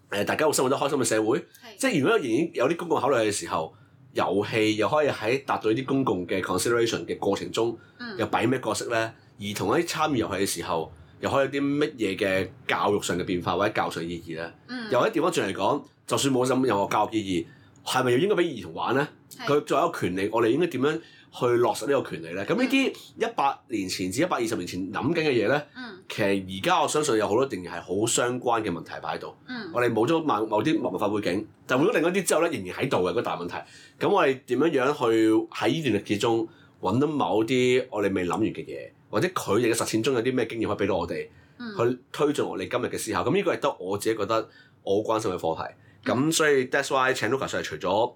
呃、大家好生活得開心嘅社會。是即係如果仍然有啲公共考慮嘅時候，遊戲又可以喺達到一啲公共嘅 consideration 嘅過程中，嗯、又擺咩角色咧？而同一啲參與遊戲嘅時候，又可以有啲乜嘢嘅教育上嘅變化或者教育上嘅意義咧？嗯、又調轉嚟講，就算冇任、嗯、任何教育意義。係咪應該俾兒童玩咧？佢是作為一個權利，我哋應該點樣去落實呢個權利咧？咁呢啲一百年前至一百二十年前諗緊嘅嘢咧，嗯、其實而家我相信有好多仍然係好相關嘅問題擺喺度。嗯、我哋冇咗某某啲文化背景，但係換咗另一啲之後咧，仍然喺度嘅一個大問題。咁我哋點樣樣去喺呢段歷史中揾到某啲我哋未諗完嘅嘢，或者佢哋嘅實踐中有啲咩經驗可以俾到我哋、嗯、去推進我哋今日嘅思考？咁呢個係得我自己覺得我好關心嘅課題。咁、嗯、所以 that's why 請 Luca 上嚟，除咗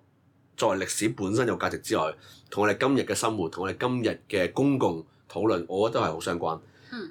作為歷史本身有價值之外，同我哋今日嘅生活，同我哋今日嘅公共討論，我覺得都係好相關。誒、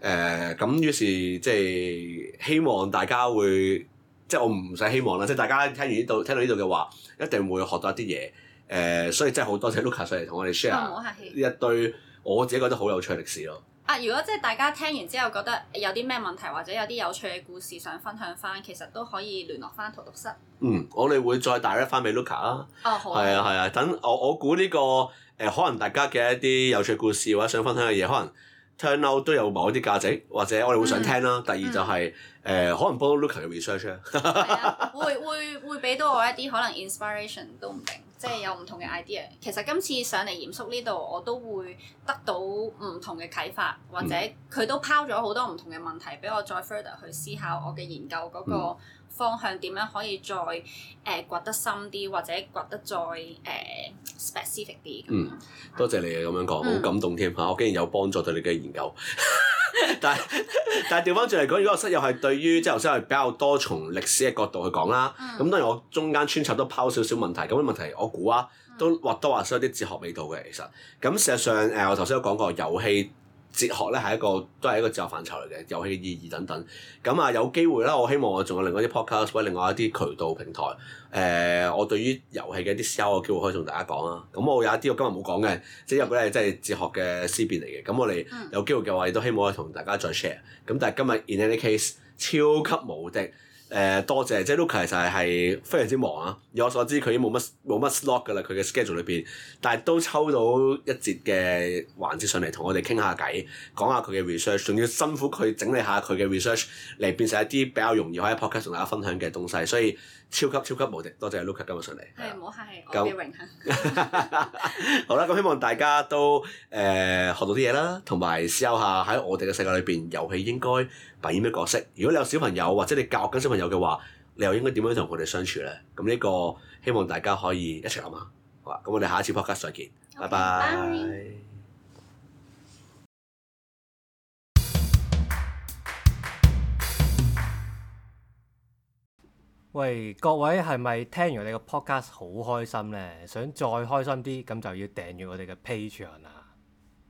嗯，咁、呃、於是即係希望大家會，即係我唔使希望啦，即係大家聽完呢度聽到呢度嘅話，一定會學到一啲嘢。誒、呃，所以真係好多謝 Luca 上嚟同我哋 share 呢一堆我自己覺得好有趣嘅歷史咯。啊！如果即係大家聽完之後覺得有啲咩問題，或者有啲有趣嘅故事想分享翻，其實都可以聯絡翻荼毒室。嗯，我哋會再帶一翻俾 Luca 啦。啊，好。係啊，係啊，等我我估呢、這個誒、呃，可能大家嘅一啲有趣故事或者想分享嘅嘢，可能 turn out 都有某一啲價值，嗯、或者我哋會想聽啦。嗯、第二就係、是、誒、嗯呃，可能幫到 Luca 嘅 research 啊。啊會會會俾到我一啲可能 inspiration 都唔定。即係有唔同嘅 idea，其實今次上嚟鹽叔呢度，我都會得到唔同嘅啟發，或者佢都拋咗好多唔同嘅問題俾我再 further 去思考我嘅研究嗰個方向點、嗯、樣可以再誒、呃、掘得深啲，或者掘得再誒、呃、specific 啲。嗯，多謝你呀咁樣講，好、嗯、感動添嚇、啊，我竟然有幫助到你嘅研究。 但係但係調翻轉嚟講，如果個室友係對於即係頭先係比較多從歷史嘅角度去講啦，咁、嗯、當然我中間穿插都拋少少問題，咁啲問題我估啊都或多或少有啲哲學味道嘅其實，咁、嗯、事實上誒、呃、我頭先都講過遊戲。哲學咧係一個都係一個哲學範疇嚟嘅，遊戲嘅意義等等。咁啊，有機會啦，我希望我仲有另外一啲 podcast 或者另外一啲渠道平台。誒、呃，我對於遊戲嘅一啲思考，嘅機會可以同大家講啦、啊。咁我有一啲我今日冇講嘅，即係如果咧，即係哲學嘅思辨嚟嘅。咁我哋有機會嘅話，亦都希望可以同大家再 share。咁但係今日 in any case，超級無敵。誒、呃、多謝，即係 Luca 其實係非常之忙啊！以我所知，佢已經冇乜冇乜 slot 㗎啦，佢嘅 schedule 裏邊，但係都抽到一節嘅環節上嚟同我哋傾下偈，講下佢嘅 research，仲要辛苦佢整理下佢嘅 research 嚟變成一啲比較容易可以 podcast 同大家分享嘅東西，所以。超級超級無敵，多謝 Luca 今日上嚟。係，唔好客氣，那我哋榮幸。好啦，咁希望大家都誒、呃、學到啲嘢啦，同埋 share 下喺我哋嘅世界裏邊，遊戲應該扮演咩角色？如果你有小朋友或者你教緊小朋友嘅話，你又應該點樣同佢哋相處咧？咁呢個希望大家可以一齊諗下。好啦，咁我哋下一次 podcast 再見，拜拜 Okay, bye。喂，各位係咪聽完我哋個 podcast 好開心咧？想再開心啲，咁就要訂閱我哋嘅 Patreon 啦。